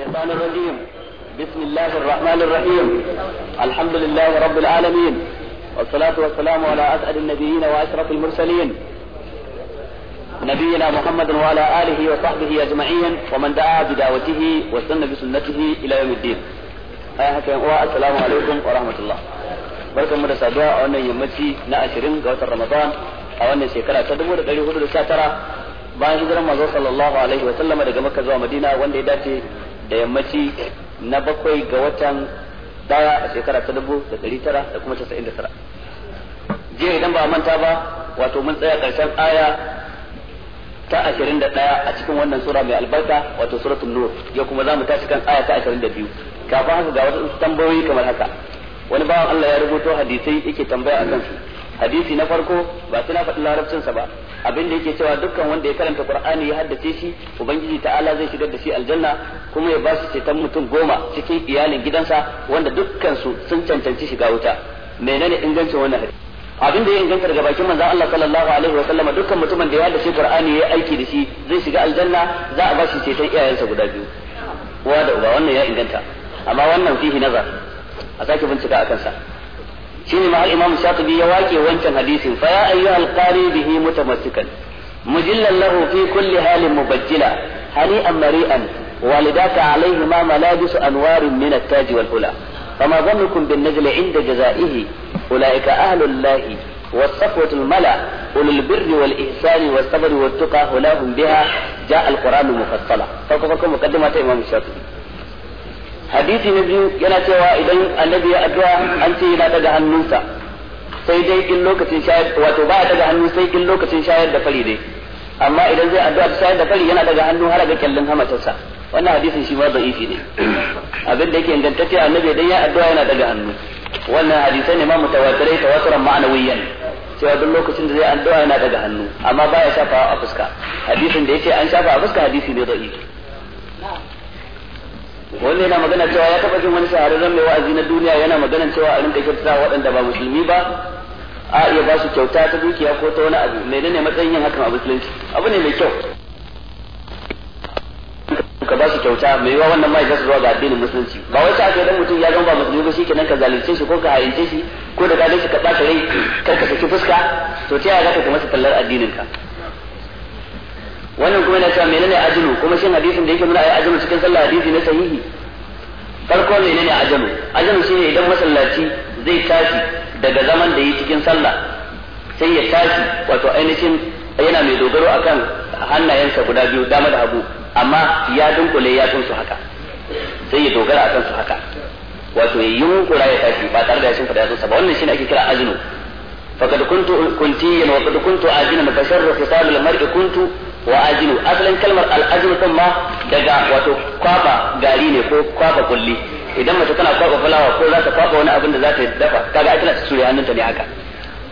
الشيطان الرجيم بسم الله الرحمن الرحيم الحمد لله رب العالمين والصلاة والسلام على أسعد النبيين وأشرف المرسلين نبينا محمد وعلى آله وصحبه أجمعين ومن دعا بدعوته واستنى بسنته إلى يوم الدين السلام عليكم ورحمة الله barkan mu da saduwa a wannan yammaci na ashirin ga watan Ramadan a wannan shekara ta dubu da ɗari hudu da sha tara bayan hijiran manzo sallallahu alaihi wa sallama daga Makka zuwa Madina wanda ya dace da yammaci na bakwai ga watan daya a shekara ta dubu da ɗari tara da kuma casa'in da tara jiya idan ba a manta ba wato mun tsaya ƙarshen aya ta ashirin da ɗaya a cikin wannan sura mai albarka wato suratul nur yau kuma za mu tashi kan aya ta ashirin da biyu kafin haka ga wasu tambayoyi kamar haka wani bawan Allah ya rubuto hadisai yake tambaya a kansu hadisi na farko ba sai na faɗi larabcinsa ba abin da yake cewa dukkan wanda ya karanta qur'ani ya haddace shi ubangiji ta'ala zai shigar da shi aljanna kuma ya ba shi ceton mutum goma cikin iyalin gidansa wanda dukkan su sun cancanci shiga wuta menene ingancin wannan hadisi abin da ya inganta daga bakin manzon Allah sallallahu alaihi wa sallama dukkan mutumin da ya haddace qur'ani ya aiki da shi zai shiga aljanna za a ba shi ceton iyayensa guda biyu wa da uba wannan ya inganta amma wannan fihi nazar a sake bincika akan sa shine ma al-imam shatibi ya wake wancan hadisin fa ya ayyuhal qari bihi mutamassikan mujillan lahu fi kulli halin mubajjila والداك عليهما ملابس أنوار من التاج والهلا فما ظنكم بالنجل عند جزائه أولئك أهل الله والصفوة الملا أولي البر والإحسان والصبر والتقى هلاهم بها جاء القرآن مفصلا فكفكم مقدمة إمام الشافعي hadisi na biyu yana cewa idan annabi ya addu'a an ce yana daga hannunsa sai dai in lokacin shayar wato ba daga hannu sai in lokacin shayar da fari dai amma idan zai addu'a da shayar da fari yana daga hannu har ga kyallin hamatarsa wannan hadisin shi ma da'ifi ne abin da yake ingantacce annabi dai ya addu'a yana daga hannu wannan hadisai ne ma mutawatirai tawaturan ma'anawiyan cewa duk lokacin da zai addu'a yana daga hannu amma ba ya shafa a fuska hadisin da yake an shafa a fuska hadisi ne da'ifi wanda yana magana cewa ya taɓa jin wani shahararren mai wa'azi na duniya yana magana cewa a rinka kyautata waɗanda ba musulmi ba a iya ba su kyauta ta dukiya ko ta wani abu mai menene matsayin yin hakan a musulunci abu ne mai kyau ka ba su kyauta mai yiwa wannan ma'aikata su zuwa ga addinin musulunci ba wai sa'a ake dan mutum ya zama ba musulmi ba shi kenan ka zalunce shi ko ka hayince shi ko da ka dace ka ɓata rai kar ka saki fuska to ta yaya za ka kuma tallar addinin ka wannan kuma yana cewa menene ajalu kuma shin hadisin da yake nuna ayi ajalu cikin sallah hadisi na sahihi farko menene ajalu ajalu shine idan masallaci zai tashi daga zaman da yi cikin sallah sai ya tashi wato ainihin yana mai dogaro akan hannayensa guda biyu dama da hagu amma ya dunkule ya su haka sai ya dogara akan su haka wato ya hunkura ya tashi ba tare da ya da yatsunsa ba wannan shine ake kira ajinu kuntu فقد كنت na وقد da عاجلا فشر خصال المرء kuntu. wa ajilu asalin kalmar al'ajilu din ma daga wato kwaba gari ne ko kwaba kulli idan mace tana kwaba fulawa ko za ta kwaba wani abin da za ta dafa kaga ai tana tsuri hannunta ne haka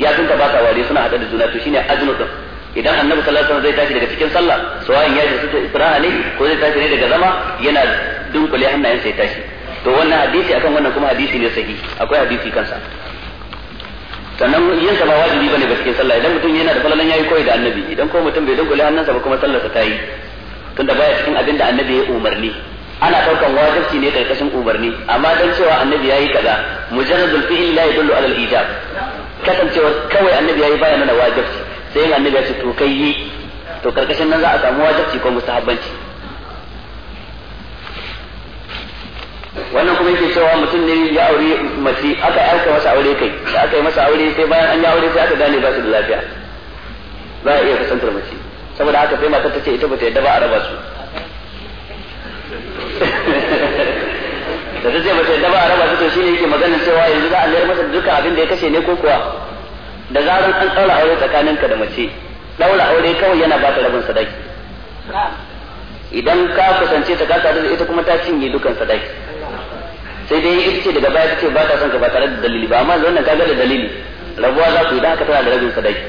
ya sun ta baka wari suna hada da juna to shine ajilu din idan annabi sallallahu alaihi wasallam zai tashi daga cikin sallah sawayin ya jinsu isra'a ne ko zai tashi ne daga zama yana dunkule hannayensa ya tashi to wannan hadisi akan wannan kuma hadisi ne sahihi akwai hadisi kansa sannan yin sa ba wajibi bane ba cikin sallah idan mutum yana da falalan yayi koyi da annabi idan ko mutum bai dangule hannunsa ba kuma sallarsa ta yi tunda baya cikin abin da annabi ya umarni ana daukan wajibci ne karkashin umarni amma dan cewa annabi yayi kaza mujarradul fi'l la yadullu ala al-ijab cewa kawai annabi yayi baya nuna wajibci sai annabi ya ce to kai yi to karkashin nan za a samu wajibci ko mustahabbanci wannan kuma yake cewa mutum ne ya aure mace aka aika masa aure kai da aka yi masa aure sai bayan an yi aure sai aka gane ba su da lafiya za a iya kusantar mace saboda haka sai matar ta ce ita bata yadda ba a raba su da ta ce bata yadda ba a raba su to shine yake magana cewa yanzu za a lera masa duka abin da ya kashe ne ko kuwa da zaran an ɗaura aure tsakaninka da mace ɗaura aure kawai yana ba ta rabin sadaki idan ka kusance ta ka sadu ita kuma ta cinye dukan sadaki sai dai ita ce daga baya ta ce ba ta son ka ba tare da dalili ba amma ka ga da dalili rabuwa za ku yi da haka tana da rabin sadaki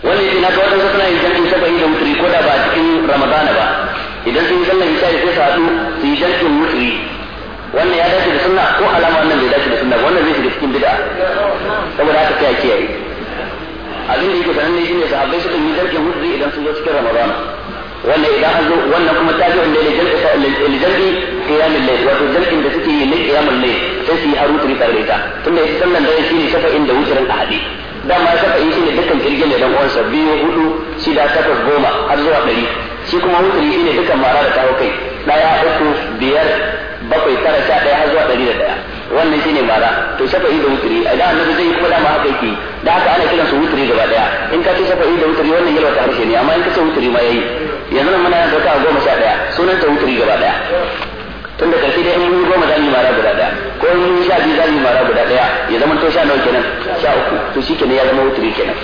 wani yana ga wadansu suna yin jami'in saba'i da mutri ko da ba a cikin ramadana ba idan sun yi sallar ya sai su su yi jami'in mutri wannan ya dace da sunna ko alama wannan bai dace da sunna wannan zai shiga cikin bid'a saboda haka kai kiyaye abin da yake sanan ne shine sahabbai suka yi jami'in mutri idan sun zo cikin ramadana wannan idan an zo wannan kuma tabi'un ne li jam'i qiyamul layl wato jam'in da suke yi ne qiyamul layl sai su yi harutun tare da ita tunda yake sannan da shi ne shafa'in da wutrin ahadi dama shafa'i shi ne dukkan kirgin da ɗan uwansa biyu hudu shida takwas goma har zuwa ɗari shi kuma wutri shi ne dukkan mara da tawo kai daya uku biyar bakwai tara sha ɗaya har zuwa ɗari da ɗaya wannan shine mara to shafa'i da wutri idan annabi zai kuma dama haka yake da haka ana kiransu wutri gaba daya in ka ce shafa'i da wutri wannan yalwa harshe ne amma in ka ce wutri ma yayi yanzu muna da dauka goma sha daya sunan ta wuturi gaba daya tunda karshe dai in yi goma za yi mara guda daya ko in yi sha biyu za yi mara guda daya ya zama to sha nawa kenan sha uku to shi kenan ya zama wuturi kenan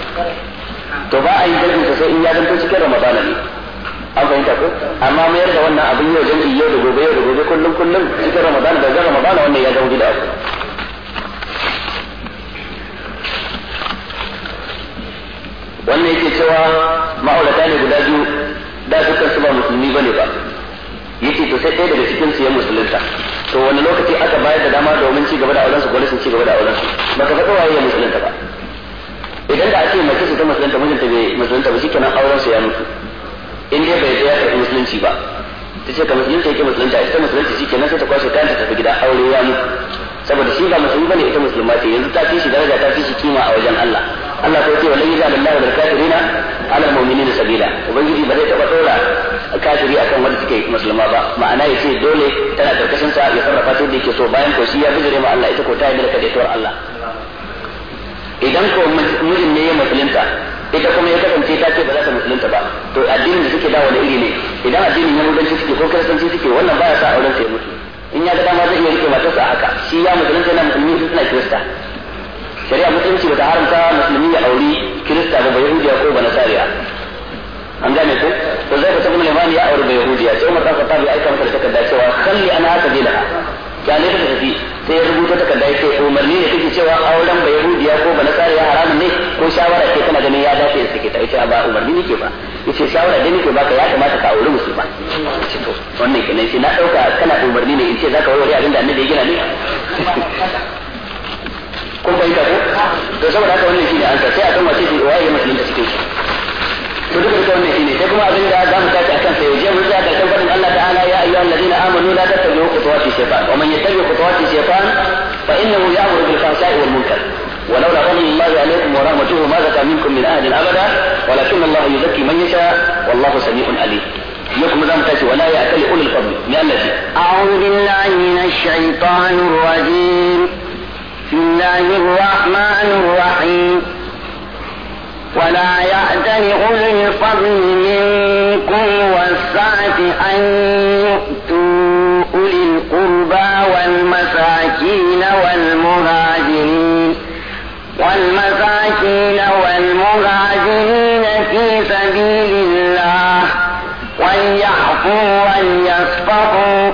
to ba a yi zargin ta sai in ya zanto cikin ramadana ne an fahimta ko amma mayar da wannan abin yau jam'i yau da gobe yau da gobe kullum kullum cikin ramadana da zan ramadana wannan ya zama gida uku wannan yake cewa ma'aurata ne guda biyu da dukkan su ba musulmi bane ba yake to sai ɗaya daga cikin su ya musulunta to wani lokaci aka bayar da dama domin ci gaba da auren su ko ci gaba da auren su baka faɗa waye ya musulunta ba idan da ake mace su ta musulunta mijinta bai musulunta ba shikenan auren su ya mutu in dai bai ya karɓi musulunci ba ta ce ka musulunta yake musulunta ita shi shikenan sai ta kwashe kanta ta tafi gida aure ya mutu saboda shi ba musulmi bane ita musulma ce yanzu ta fi shi daraja ta fi shi kima a wajen Allah Allah sai ce wallahi ya lillahi wal kafirina ala mu'minina sabila ubangiji ba zai taba dora kafiri akan wanda suke musulma ba ma'ana ya ce dole tana karkashin sa ya sarrafa ta da yake so bayan ko shi ya bijire ma Allah ita ko ta yi da kadaitawar Allah idan ko mijin ne ya musulunta ita kuma ya kasance ta ce ba za ta musulunta ba to addinin da suke da wani iri ne idan addinin yahudanci suke ko kiristanci suke wannan baya sa auren sai mutu in ya ga dama zai iya rike matarsa haka shi ya musulunta na musulmi suna kirista shari'a mutunci bata haramta musulmi ya auri kirista ba yahudiya ko ba nasariya an gane ku ko zai fita kuma limani ya auri ba yahudiya sai umar kafa tabi aika masa takarda cewa kalli ana haka zai laha ne ta tafi sai ya rubuta takarda yake umarni ne kake cewa auren ba yahudiya ko ba nasariya haramun ne ko shawara ce kana ganin ya dace ya sake ta yace ba umarni ne ke ba yace shawara da nake baka ya kamata ka auri musulma ce to wannan kenan sai na dauka kana umarni ne in ce zaka warware abin da annabi ya gina ne kun fahimta ko to saboda haka wannan shine an sai akan wace ce waye da cikin shi to duka duka wannan shine sai kuma abin da za mu tashi akan sai je mu ji ka kan fadin Allah ta'ala ya ayyuha alladhina amanu la tattabi'u khutuwati shaytan wa man yattabi' khutuwati shaytan fa innahu ya'muru bil fahsha'i wal munkar ولولا فضل الله عليكم ورحمته ما زكى منكم من احد ابدا ولكن الله يزكي من يشاء والله سميع عليم يكم ذا متاسي ولا يعتل اولي الفضل لان اعوذ بالله من الشيطان الرجيم بسم الله الرحمن الرحيم ولا يأتل أولي الفضل منكم والسعة أن يؤتوا أولي القربى والمساكين والمهاجرين والمساكين والمهاجرين في سبيل الله وليعفوا وليصفحوا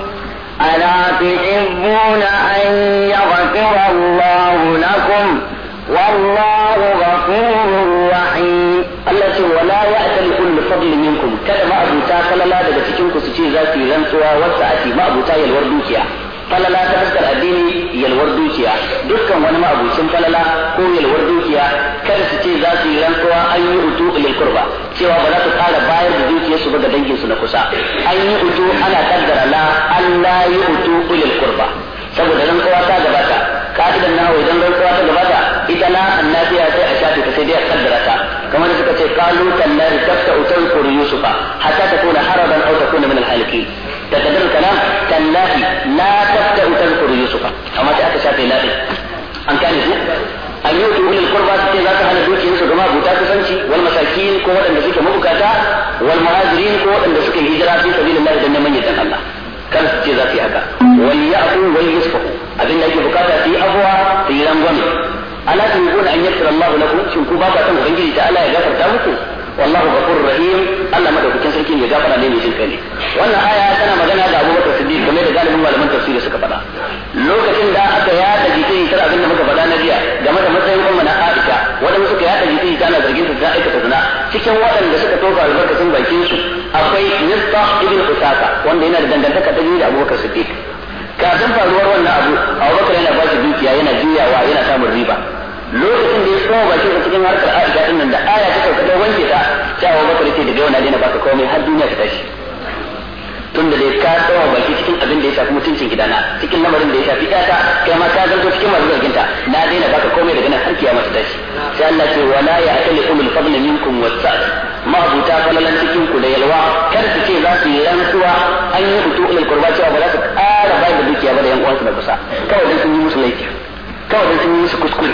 ألا تحبون أن والله غفور رحيم Allah ce wala ya atali kullu fadlin minkum kada ma'abuta falala daga cikin ku su ce za su yi rantsuwa wacce ake ma'abuta yalwar dukiya falala ta fuskar addini yalwar dukiya dukkan wani ma'abucin falala ko yalwar dukiya kada su ce za su yi rantsuwa an yi utu lil kurba cewa ba za su fara bayar da dukiyarsu su ba ga dangin su na kusa an yi utu ana kaddara la an la yi utu saboda ta gabata ka'idan nawo rantsuwa ta gabata ga la'an nafiya sai a shafe ta sai dai a kaddara ta kamar da suka ce kalu tallahi tafta utai kuri yusufa hatta ta kuna haraban au ta kuna min alhaliki ta kaddara kalam tallahi la tafta utai kuri yusufa amma sai aka shafe la'i an kane su an yi wutu ulil qurba suke za ka hana dukiyar su gama buta kusanci wal masakin ko waɗanda suke mabukata wal muhajirin ko waɗanda suke hijira fi sabilillah dan neman yardan Allah kar su ce za su yi haka wal ya'fu wal yusfahu abin da ake bukata su yi abuwa su yi rangwame ala tuhibbuna an yaghfira Allahu lakum shin ku ba ka san ubangiji ta Allah ya gafarta muku wallahu ghafurur rahim Allah madaukakin sarki ne gafara ne mai jin kai wannan aya tana magana da Abubakar Siddiq game da galibin malaman tafsiri suka faɗa lokacin da aka yada jikin tara abin da muka faɗa na jiya game da matsayin umma na Aisha waɗanda suka yada jikin na zargin su da aikata zina cikin waɗanda suka toka albarkacin bakin su akwai Nisbah ibn Usaka wanda yana da dangantaka ta jini da Abubakar Siddiq kafin faruwar wannan abu a abubakar yana ba shi dukiya yana juyawa yana samun riba lokacin da ya tsoma baki a cikin harkar aisha din nan da aya ta kai wanke ta sai a ce daga da na baka komai har duniya ta tashi tun da dai ka tsoma baki cikin abin da ya shafi mutuncin gidana cikin lamarin da ya shafi ƴata kai ma ka zanto cikin masu zarginta na daina baka komai daga nan har kiyama ta tashi sai Allah ce wala ya akali umul fadl minkum wasa'at mabuta falalan cikin ku da yalwa kar su ce za su yi rantsuwa an yi hutu ilal qurba cewa ba za su ƙara bayar da dukiya ba da yan uwansu da kusa kawai dan sun yi musu laifi kawai dan sun yi musu kuskure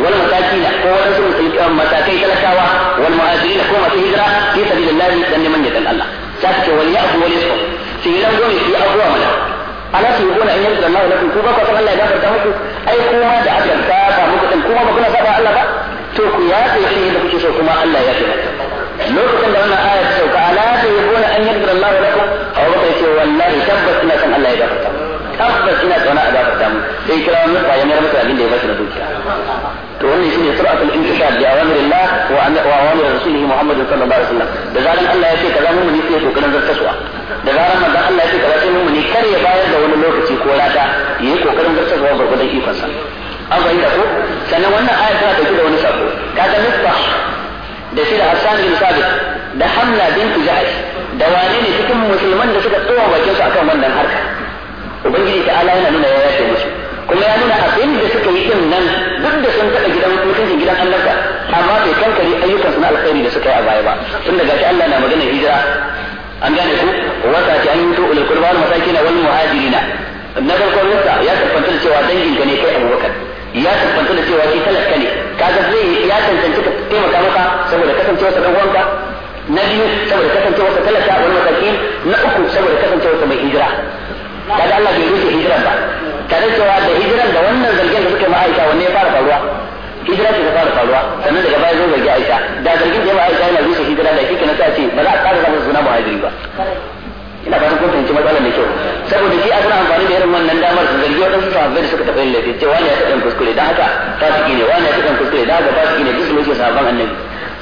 wal masakin ko sun yi wadansu matakai talakawa wal muhajirin ko masu hijira fi sabilillah dan neman yadan Allah sai ce wal ya'fu wal yasfu sai ran gome su abuwa mana ala su yi gona in yanzu Allah lakum ku ba ku san Allah ya gafarta muku ai kuma da aka saba muku din kuma ba kuna saba Allah ba to ku yaɗe shi da kuke so kuma Allah ya fi lokacin da wannan aya ta sauka ala ta yi gona an yadda Allah wa a aw ce wallahi tabbas ina san Allah ya gafarta tabbas ina tsana a gafarta mu sai kira ya rubuta abin da ya bashi da dukiya to wannan shine suratul intishar bi awamirillah wa awamir rasulih Muhammad sallallahu alaihi wasallam da zaran Allah ya ce kaza mun ne sai kokarin zartaswa da zaran manzon Allah ya ce kaza sai mun ne kar ya bayar da wani lokaci ko rata yayi kokarin zartaswa gurgudan ikonsa an fahimta ko sannan wannan aya tana dauke da wani sako kaga misbah da shi da Hassan bin Sabit da Hamla bin Jahsh da wane ne cikin musulman da suka tsowa bakin su akan wannan harka ubangiji ta ala yana nuna ya yace musu kuma ya nuna abin da suka yi din nan duk da sun taɓa gidan mutuncin gidan annabta amma bai kankare su na alkhairi da suka yi a baya ba tun daga shi Allah na magana hijira an gane ku wata ta an yi to ulul qurba masakin wal muhajirina na farkon ya tafanta cewa dangin ka ne kai Abubakar ya tabbata da cewa shi talaka ne kaga zai ya tantance ka taimaka maka saboda sa dan uwanka na biyu saboda sa talaka wani mataki na uku saboda sa mai hijira kaga Allah bai rufe hijiran ba tare cewa da hijiran da wannan zargin da suke ma Aisha wanne ya fara faruwa hijira ce ta fara faruwa sannan daga baya zo zargi Aisha da zargin da ya ma Aisha yana rufe hijira da shi kenan sai a ce ba za a ƙara zama suna muhajiri ba ina fatan kun fahimci matsalar da kyau saboda shi a suna amfani da irin wannan damar su zargi waɗansu sahabbai da suka tafi laifi ce wani ya taɗan kuskure da haka fasiki ne wani ya taɗan kuskure da haka fasiki ne duk su ne sahabban annabi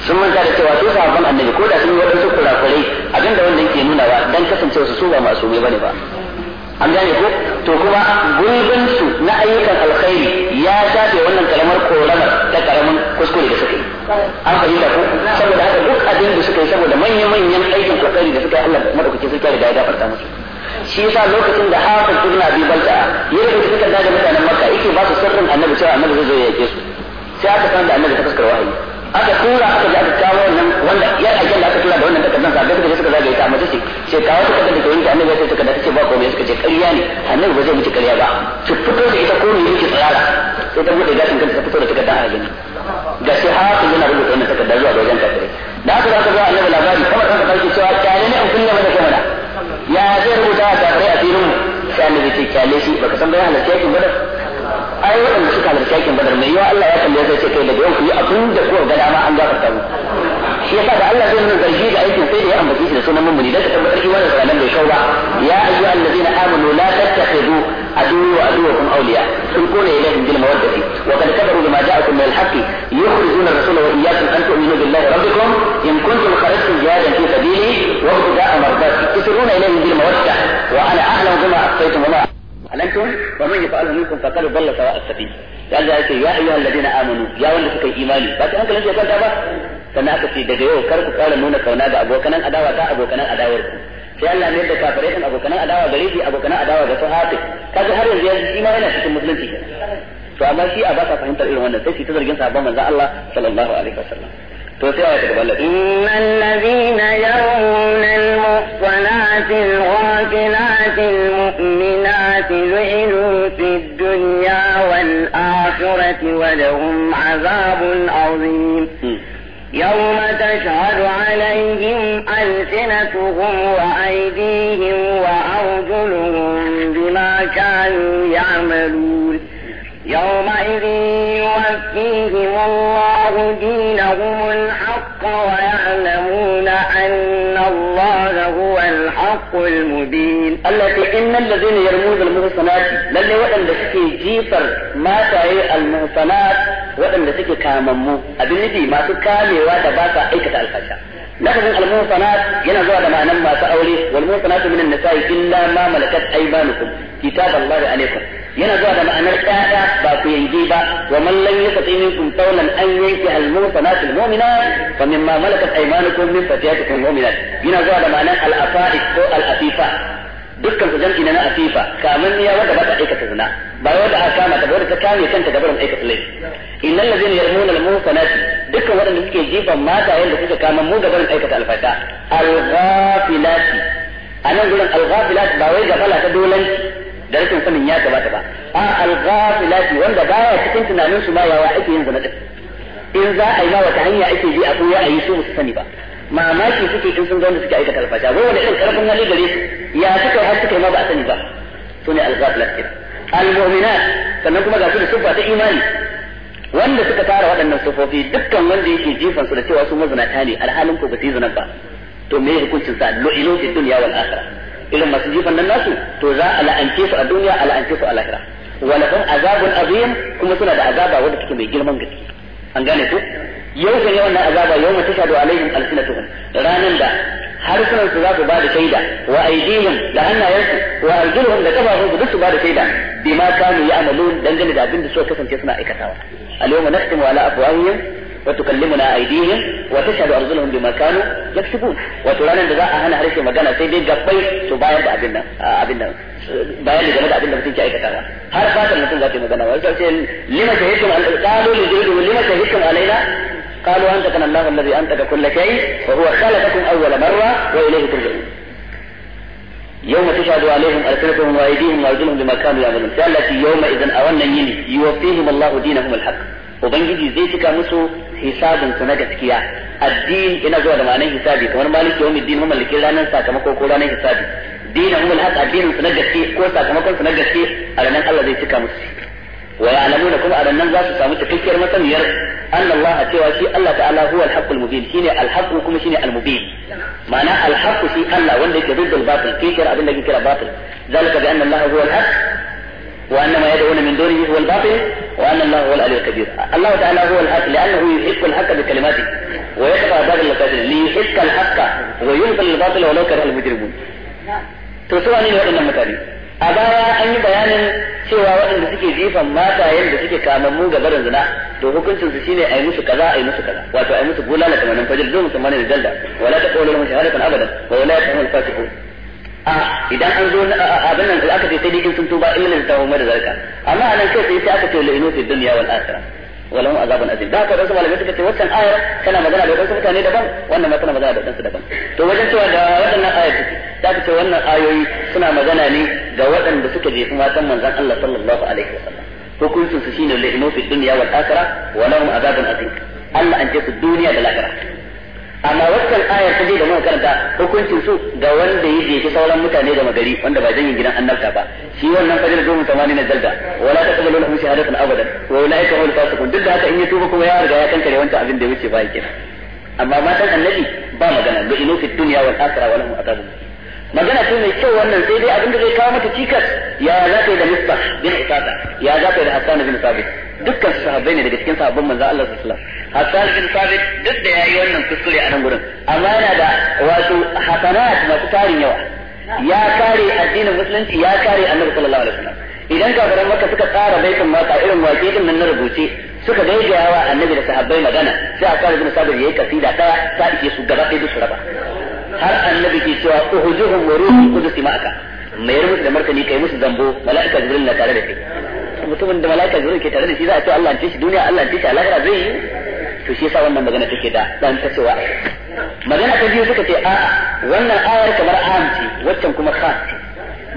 sun manta da cewa su sahabban annabi ko da sun yi waɗansu kurakurai abinda wannan ke nuna ba dan kasancewa su su ba masu ba ne ba an gane ko to kuma gurbin su na ayyukan alkhairi ya shafe wannan karamar koramar ta karamin kuskure da suka yi an fahimta ko saboda haka duk abin da suka yi saboda manya-manyan aikin kokari da suka yi Allah madaukakin sarki ya riga ya gafarta musu shi yasa lokacin da hafiz ibn abi balda ya rubuta takarda da da mutanen makka yake ba su sirrin annabi cewa annabi zai zo ya yake su sai aka san da annabi ta fuskar wahayi aka tura aka ji aka kawo wannan wanda ya ajiyar da aka tura da wannan takardar sa da suka zagaye ta mace ce ce kawo ta da ke wani annabi sai suka da take ba komai suka ce ƙarya ne annabi ba zai mutu ƙarya ba su fito da ita ko ne yake tsayara sai ta bude gashin kanta ta fito da take da gani ga shi hafiz yana rubuta wannan takardar zuwa ga wajen kafirai da aka zaka zuwa annabi labari kamar kan farki cewa ajiyar rubuta a kafirai a filin sai annabi ce kyale shi baka san bayan halarci yakin badar ai waɗanda suka halarci yakin badar mai yawa Allah ya kalle sai ce kai daga yau ku yi abin da kuka ga dama an gafarta mu shi yasa da Allah zai nuna zargi da aikin sai da ya ambace shi da sunan mummuni dan ka tabbatar shi wannan ranar bai kau ba ya ayyuhallazina amanu la tattakhidu aduwwa aduwwakum awliya sun kone ilahin bil mawaddati عصيتم وما أعلنتم ومن يفعل منكم فقد ضل سواء السبيل قال da يا ya الذين ladina يا ya wanda suka yi imani ba ta hankalin ya kwanta ba sannan aka ce daga yau kar ku ƙara nuna kauna ga abokanan adawa ta abokanan adawar ku sai Allah ne da kafirai din abokanan adawa gare shi abokanan adawa ga sahabi kaga har yanzu ya ma yana cikin musulunci to amma shi a ba ka fahimtar irin wannan sai shi ta zargin sahabban manzon Allah sallallahu alaihi wasallam to sai na ta gaba Allah innal ladina yarmuna al-muhsanati al-ghafilati al-mu'minati lu'inu fid dunya wal akhirati wa lahum 'adhabun 'azim يوم تشهد عليهم ألسنتهم وأيديهم وأرجلهم بما كانوا يعملون يومئذ يوفيهم الله دينهم الحق ويعلمون أن الله هو الحق المبين التي إن الذين يرمون المحصنات للي وأن لسكي جيفر ما تعي المحصنات وأن لسكي كاممو أبنتي ما تكامي وادباتا إيكة الفشا لفظ المحصنات معنى ما نمى سأولي والمحصنات من النساء إلا ما ملكت أيمانكم كتاب الله عليكم yana zuwa da ma'anar ƴaƴa ba ku yanke ba wa man ka tsinin sun taunan an yanki al muhsanat ba min fa mimma malakat aymanukum min fatiyatikum mu'minat yana zuwa da ma'anar al ko al afifa dukkan su jam'i na afifa kamar ya wanda ba ta aikata zina ba wanda a kama ta wanda ta kame kanta da barin aikata laifi innal ladzina yarmuna al muhsanat dukkan waɗanda suke jifan mata yadda suka kama mu da barin aikata alfata al ghafilati anan gurin al ghafilat ba wai gafala ta dolanci da rashin sanin ya gabata ba a al-ghafilati wanda baya cikin tunanin su ma yawa ake yin zina in za a yi ma wata hanya ake bi a koya a yi su su sani ba mamaki suke in sun ga wanda suke aikata alfasha ko wanda irin karfin hali gare su ya suka har suka ma ba a sani ba to ne al-ghafilat al sannan kuma ga su da sifa ta imani wanda suka tara waɗannan sufofi dukkan wanda yake jifan su da cewa su mazinata ne alhalin ko ba su yi zinan ba to me hukuncin sa lo'ilo fi dunya wal akhirah irin masu jifan nan nasu to za a la'ance su a duniya a la'ance su a lahira walahum azabun azim kuma suna da azaba wadda take mai girman gaske an gane ku yau kan yawan nan azaba yau mata shadu alaihim alsinatuhum ranan da harsunan su za su ba da shaida wa aidihim da su wa arjuluhum da kafafun su duk su ba da shaida ma kanu ya'malun dangane da abin da suka kasance suna aikatawa al yawma nakhtimu ala afwahihim وتكلمنا أيديهم وتشهد أرجلهم بما كانوا يكسبون وترانا نزاع أهنا هريسة مجانا سيدي قبل تباير بأبنا أبنا بيان لجمع عبد الله بن جايك كذا هر فاتن مثل ذاتي مجانا لما شهدتم على قالوا لجيدوا لما شهدتم علينا قالوا أنت كان الله الذي أنتك كل شيء وهو خلقكم أول مرة وإليه ترجعون يوم تشهد عليهم ألسنتهم وأيديهم وأرجلهم بما كانوا يعملون سألت يوم اذا أرن يني يوفيهم الله دينهم الحق ubangiji zai cika musu hisabin su na gaskiya addini ina zuwa da ma'anar hisabi kamar maliki yawmi din mamallakin ranar sakamako ko ranar hisabi dinahum alhaq addinin su na gaske ko sakamakon su na gaske a ranar Allah zai cika musu wa ya'lamuna kuma a ranar za su samu cikakkiyar masaniyar anna Allah cewa shi Allah ta'ala huwa al mubin shine al-haqqu kuma shine al-mubin ma'ana al shi Allah wanda yake zuddul batil kishar abin da yake kira batil zalika bi anna Allah huwa al وأن ما يدعون من دونه هو الباطل وأن الله هو العلي الكبير الله تعالى هو الحق لأنه يحق الحق بكلماته ويقطع باب الباطل ليحق الحق ويلقي الباطل ولو كره المجرمون نعم. أن يوحي النمو تاني أبارا أن بيان سوى وإن بسكي زيفا ما تاين بسكي كاممو قبر الزنا دوه كن سنسيني أيموس كذا أيموس كذا واتو أيموس بولا لكما ننفجر دوم سمان الجلدة ولا تقول لهم شهادة أبدا ولا يتهم الفاسقون a idan an zo abin nan aka ce sai dai in sun tuba illa da tawo da zarka amma anan kai sai sai aka ce la inusi dunya wal akhirah walau azabun azim da haka wasu malamai suka ce wannan ayar tana magana da wasu mutane daban wannan ma tana magana da wasu daban to wajen cewa da waɗannan ayar take da aka ce wannan ayoyi suna magana ne ga waɗanda suka kuma matan manzon Allah sallallahu alaihi wasallam hukuncin su shine la inusi dunya wal akhirah walau azabun azim Allah an ce su duniya da lahira amma wannan ayar ta je da muka karanta hukuncin su ga wanda ya jefi sauran mutane da magari wanda ba jangin gidan annabta ba shi wannan fajr zuwa samani na zalda wala ta taqbalu lahu shahadatan abadan wa ka hul fasikun duk da haka in ya tuba kuma ya riga ya kankare wancan abin da ya wuce ba yake amma matan annabi ba magana lu'inu fi dunya wal akhirah wa lahum adabun magana ce mai kyau wannan sai dai abinda zai kawo mata cikas ya za ka yi da misbah bin isada ya za ka yi da hassan bin sabit dukkan sahabbai ne daga cikin sahabban manzo Allah sallallahu alaihi wasallam hassan bin sabit duk da yayi wannan kuskure a nan gurin amma yana da wato hasanat masu tarin yawa ya kare addinin musulunci ya kare annabi sallallahu alaihi wasallam idan kafiran maka suka tsara baitin maka irin waƙe din nan na rubuce suka gaigaya wa annabi da sahabbai magana sai a kare bin sabit yayi kasida daya ta ike su gaba ɗaya su raba har annabi ke cewa uhjuhum wa ruhu qudusi ma'aka mayar musu da martani kai musu zambo mala'ika jibril na tare da kai mutumin da mala'ika jibril ke tare da shi za a ce Allah ya shi duniya Allah ya shi alaka zai yi to shi yasa wannan magana take da dan ta cewa magana ta biyu suka ce a wannan ayar kamar amci waccan kuma khas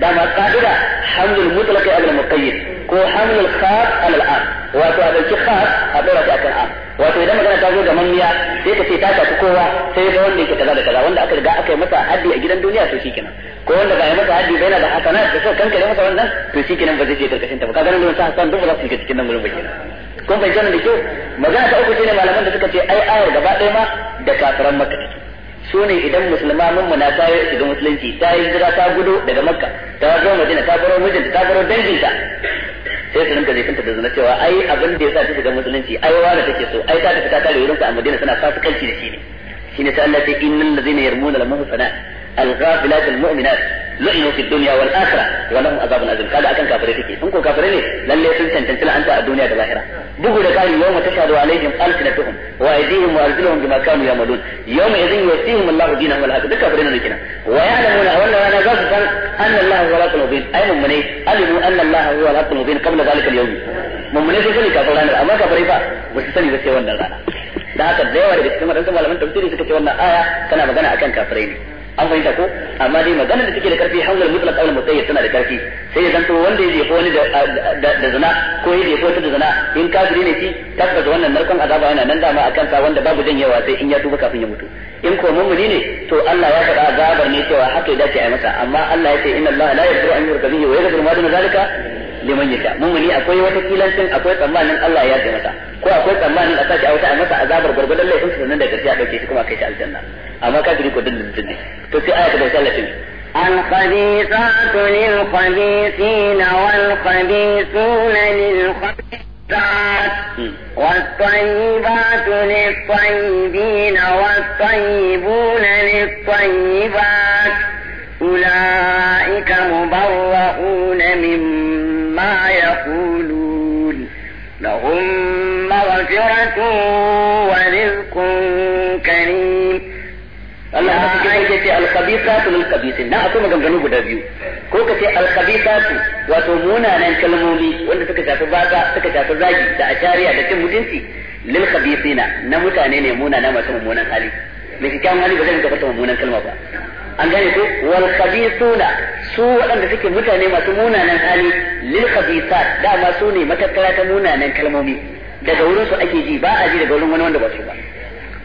dama ka'ida hamlul mutlaqi ala al ko hamlul khas ala al-am wato a dauki khas a dora am wato idan magana ta zo ga mamiya sai ka ce ta shafi kowa sai ga wanda yake kaza da kaza wanda aka riga aka yi masa haddi a gidan duniya to shikenan ko wanda ba ya masa haddi bai na da hasanat da suka kankare masa wannan to da kyau magana ta uku shine malaman da suka ce ai ayar gaba ɗaya ma da kafiran makka su idan musulma mun muna ta yi shiga musulunci ta yi jira ta gudu daga makka ta zo madina ta baro mijinta ta baro danginta sai su rinka zaifinta da zuna cewa ai abin da ya sa ta shiga musulunci ai wani take so ai ta tafi ta tare wurinka a madina tana fasikanci da shi ne shine sai Allah ya ce innal ladzina yarmuna al muhsanat al ghafilat al mu'minat lu'inu fi dunya wal akhirah wa lahum azabun azim kada akan kafare take in ko kafare ne lalle sun an la'anta a duniya da lahira bugu da kari yawma tashhadu alaihim alsinatuhum wa aydihim wa arjuluhum bima kanu yamalun yawma idhin yusihim Allah dinahum wal haqq duka fadin kina wa ya'lamuna wa anna ana zasu san anna Allah huwa al-haqqul mubin ay mu'mini alimu anna Allah huwa al-haqqul mubin qabla dhalika al-yawm mu'mini sai sani kafin ranar amma kafirai fa ba su sani ba sai wannan rana da haka da yawa daga cikin wadansu malaman tafsiri suka ce wannan aya tana magana akan kafirai ne an fahimta ko amma dai magana da take da karfi hamzar mutlaq aul mutayyid tana da karfi sai ya zanto wanda ya ko wani da zina ko ya ko wata da zina in kafiri ne shi tabbata wannan narkon azaba yana nan dama akan sa wanda babu janyewa sai in ya tuba kafin ya mutu in ko mummuni ne to Allah ya faɗa azabar ne cewa haka ya dace a masa amma Allah ya ce inna Allah la yaghfiru an yurka bihi wa yaghfiru ma duna zalika liman yasha mummuni akwai wata kilancin akwai tsammanin Allah ya ce masa ko akwai tsammanin a sake a wata a masa azabar gurgurdan laifin sunan da gaskiya dauke shi kuma kai shi aljanna amma kafiri ko dindindin ne الخبيثات للخبيثين والخبيثون للخبيثات والطيبات للطيبين والطيبون للطيبات أولئك مبرؤون مما يقولون لهم مغفرة al-khabithatu lil khabithin na akwai maganganu guda biyu ko ka al-khabithatu wato munanan kalmomi wanda suka shafi baka suka shafi zagi da ashariya da cin mutunci lil khabithina na mutane ne munana masu munanan hali mai kyakkyawan hali ba zai rinka fata mummunan kalma ba an gane ko wal khabithuna su waɗanda suke mutane masu munanan hali lil khabithat dama su ne matattara ta munanan kalmomi daga wurin su ake ji ba a ji daga wurin wani wanda ba su ba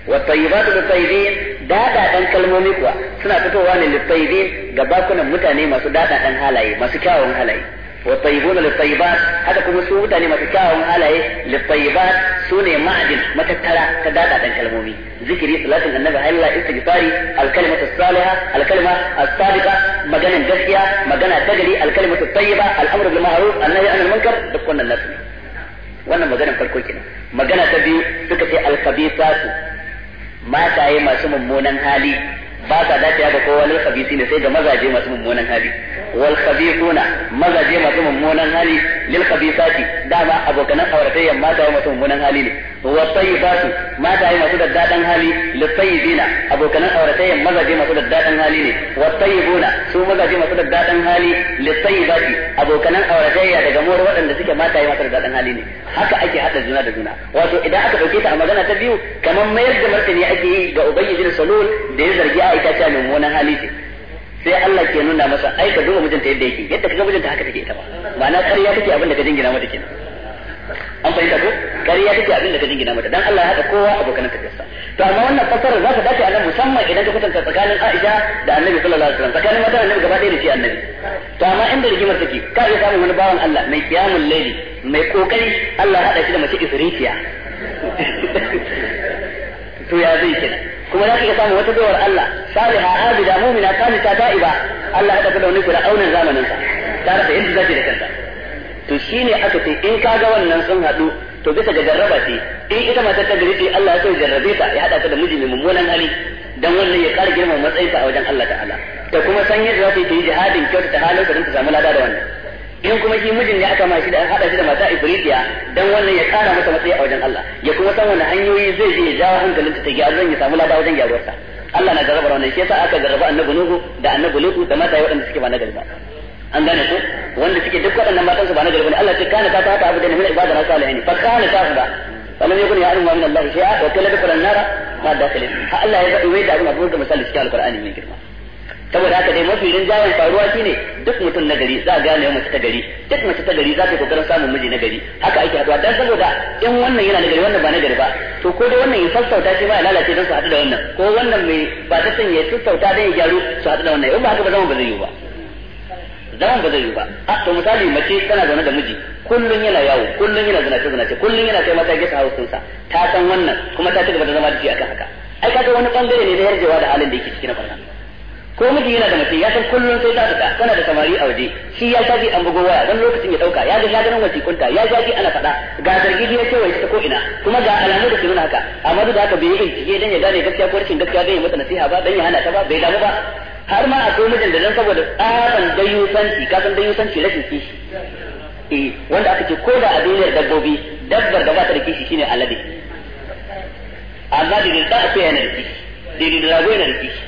wa tayyibatu litayyibin dadadan kalmomi kuwa suna fitowa ne litayyibin ga bakunan mutane masu dadadan halaye masu kyawun halaye wa tayyibuna litayyibat haka kuma su mutane masu kyawun halaye litayyibat su ne ma'adin matattara ta dadadan kalmomi zikiri salatin annabi Allah istighfari alkalimatu salihah alkalima as-sadiqa maganan gaskiya magana ta gari alkalimatu tayyiba al'amru bil duk wannan wannan maganar farko kenan magana ta biyu suka ce al mataye masu mummunan hali ba sa dacewa da kowa lil khabisi ne sai ga mazaje masu mummunan hali wal khabithuna mazaje masu mummunan hali lil khabisati dama abokan auratayyan mata masu mummunan hali ne wa tayyibatu mata masu daddadan hali lil tayyibina abokan auratayyan mazaje masu daddadan hali ne wa tayyibuna su mazaje masu daddadan hali lil tayyibati abokan auratayya daga mor waɗanda suke mata masu daddadan hali ne haka ake hada juna da juna wato idan aka dauke ta a magana ta biyu kamar mayar da martani ake yi ga ubayyi bin salul da ya zargi a Aisha cewa mummunan hali ce sai Allah ke nuna masa ai ka duba mijinta yadda yake yadda kaga mijinta haka take ita ba ma'ana ƙarya kake abin da ka jingina mata kenan an fahimta ko ƙarya kake abin da ka jingina mata dan Allah ya haɗa kowa abokan tafiyarsa to amma wannan fasara za ka dace a nan musamman idan ka kwatanta tsakanin Aisha da Annabi sallallahu alaihi wasallam tsakanin mata da Annabi gaba ɗaya da shi Annabi to amma inda rigimar take ka iya samun wani bawan Allah mai kiyamul layli mai kokari Allah ya haɗa shi da mace ifritiya to ya zai kenan kuma za ka iya samun wata dawar Allah saliha abida mu'mina kanita ba Allah ya tafi da wani guda aunin zamanin sa ta rasa yadda zaki da kanta to shine aka ce in ka ga wannan sun haɗu to bisa ga jarraba ce in ita matar ta gari ce Allah ya so jarrabe ta ya haɗa ta da miji mai mummunan hali dan wannan ya ƙara girma matsayinta a wajen Allah ta'ala da kuma san yadda za ta yi jihadin kyauta ta halin ta samu lada da wannan in kuma shi mijin ne aka mashi da an hada shi da mata ibritiya dan wannan ya kara masa matsayi a wajen Allah ya kuma san wani hanyoyi zai je ya jawo hankalin ta gyaru zan ya samu lada wajen gyaruwarsa Allah na jarraba wannan shi yasa aka jarraba annabi Nuhu da annabi Lutu da mata waɗanda suke ba na gari ba an gane su wanda suke duk waɗannan matan su ba na gari ne Allah ce kana ta ta ta abu da min ibada na salihin fa kana ta ba falam yakun ya'lamu min Allah shay'a wa kalla bi nara ma dakhilin Allah ya zabi wai da abin da misali cikin alqur'ani mai girma saboda haka dai mafi jawon faruwa shine duk mutum na gari za a gane yau mace ta gari duk mace ta gari za ta kokarin samun miji na gari haka ake haduwa dan saboda in wannan yana na gari wannan ba na gari ba to ko dai wannan ya sassauta shi ma ya lalace don su haɗu da wannan ko wannan mai ba ta san ya sassauta dan ya gyaru su haɗu da wannan in ba haka ba zaman ba zai yiwu ba zaman ba zai yiwu ba a to misali mace tana zaune da miji kullum yana yawo kullum yana zinace zinace kullum yana kai mata gesa hausunsa ta san wannan kuma ta ci gaba da zama da shi akan haka ai kaga wani bangare ne na yarjewa da halin da yake cikin na ko miji yana da mace ya san kullum sai ta fita tana da samari a waje shi ya tafi an bugo waya wani lokacin ya dauka ya ga wace kunta ya jaji ana faɗa ga zargi ya ce wai ta ko ina kuma ga alamu da su nuna haka amma duk da haka bai yi bincike dan ya gane gaskiya ko rashin gaskiya dan yi mata nasiha ba dan ya hana ta ba bai damu ba har ma a mijin da dan saboda tsaban dayusanci kasan dayusanci rashin kishi eh wanda aka ce ko da a duniyar dabbobi dabbar da ba ta da kishi shine alade amma da da ta ce yana da kishi da da rago yana da kishi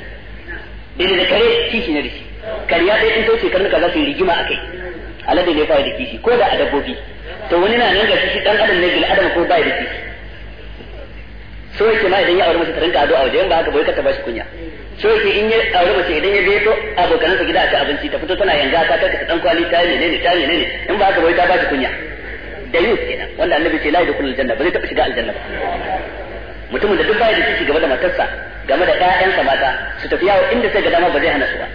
dai da kare kishi ne da shi kariya dai in tauce karnuka za su yi rigima a kai alade ne bai da kishi ko da a dabbobi to wani na nan ga shi dan adam ne bil adam ko bai da kishi so yake ma idan ya aure mace ta rinka ado a wajen ba haka bai ka taba shi kunya so yake in ya aure mace idan ya je to abokan sa gida a ci abinci ta fito tana yanga ta kaka dan kwali ta ne ne ta ne ne in ba haka bai ta ba shi kunya da yus kenan wanda annabi ce la ilaha illallah ba zai taba shiga aljanna ba mutumin da duk baya da kishi game da matarsa game da ƴaƴansa mata su tafi yawo inda sai ga dama ba zai hana su ba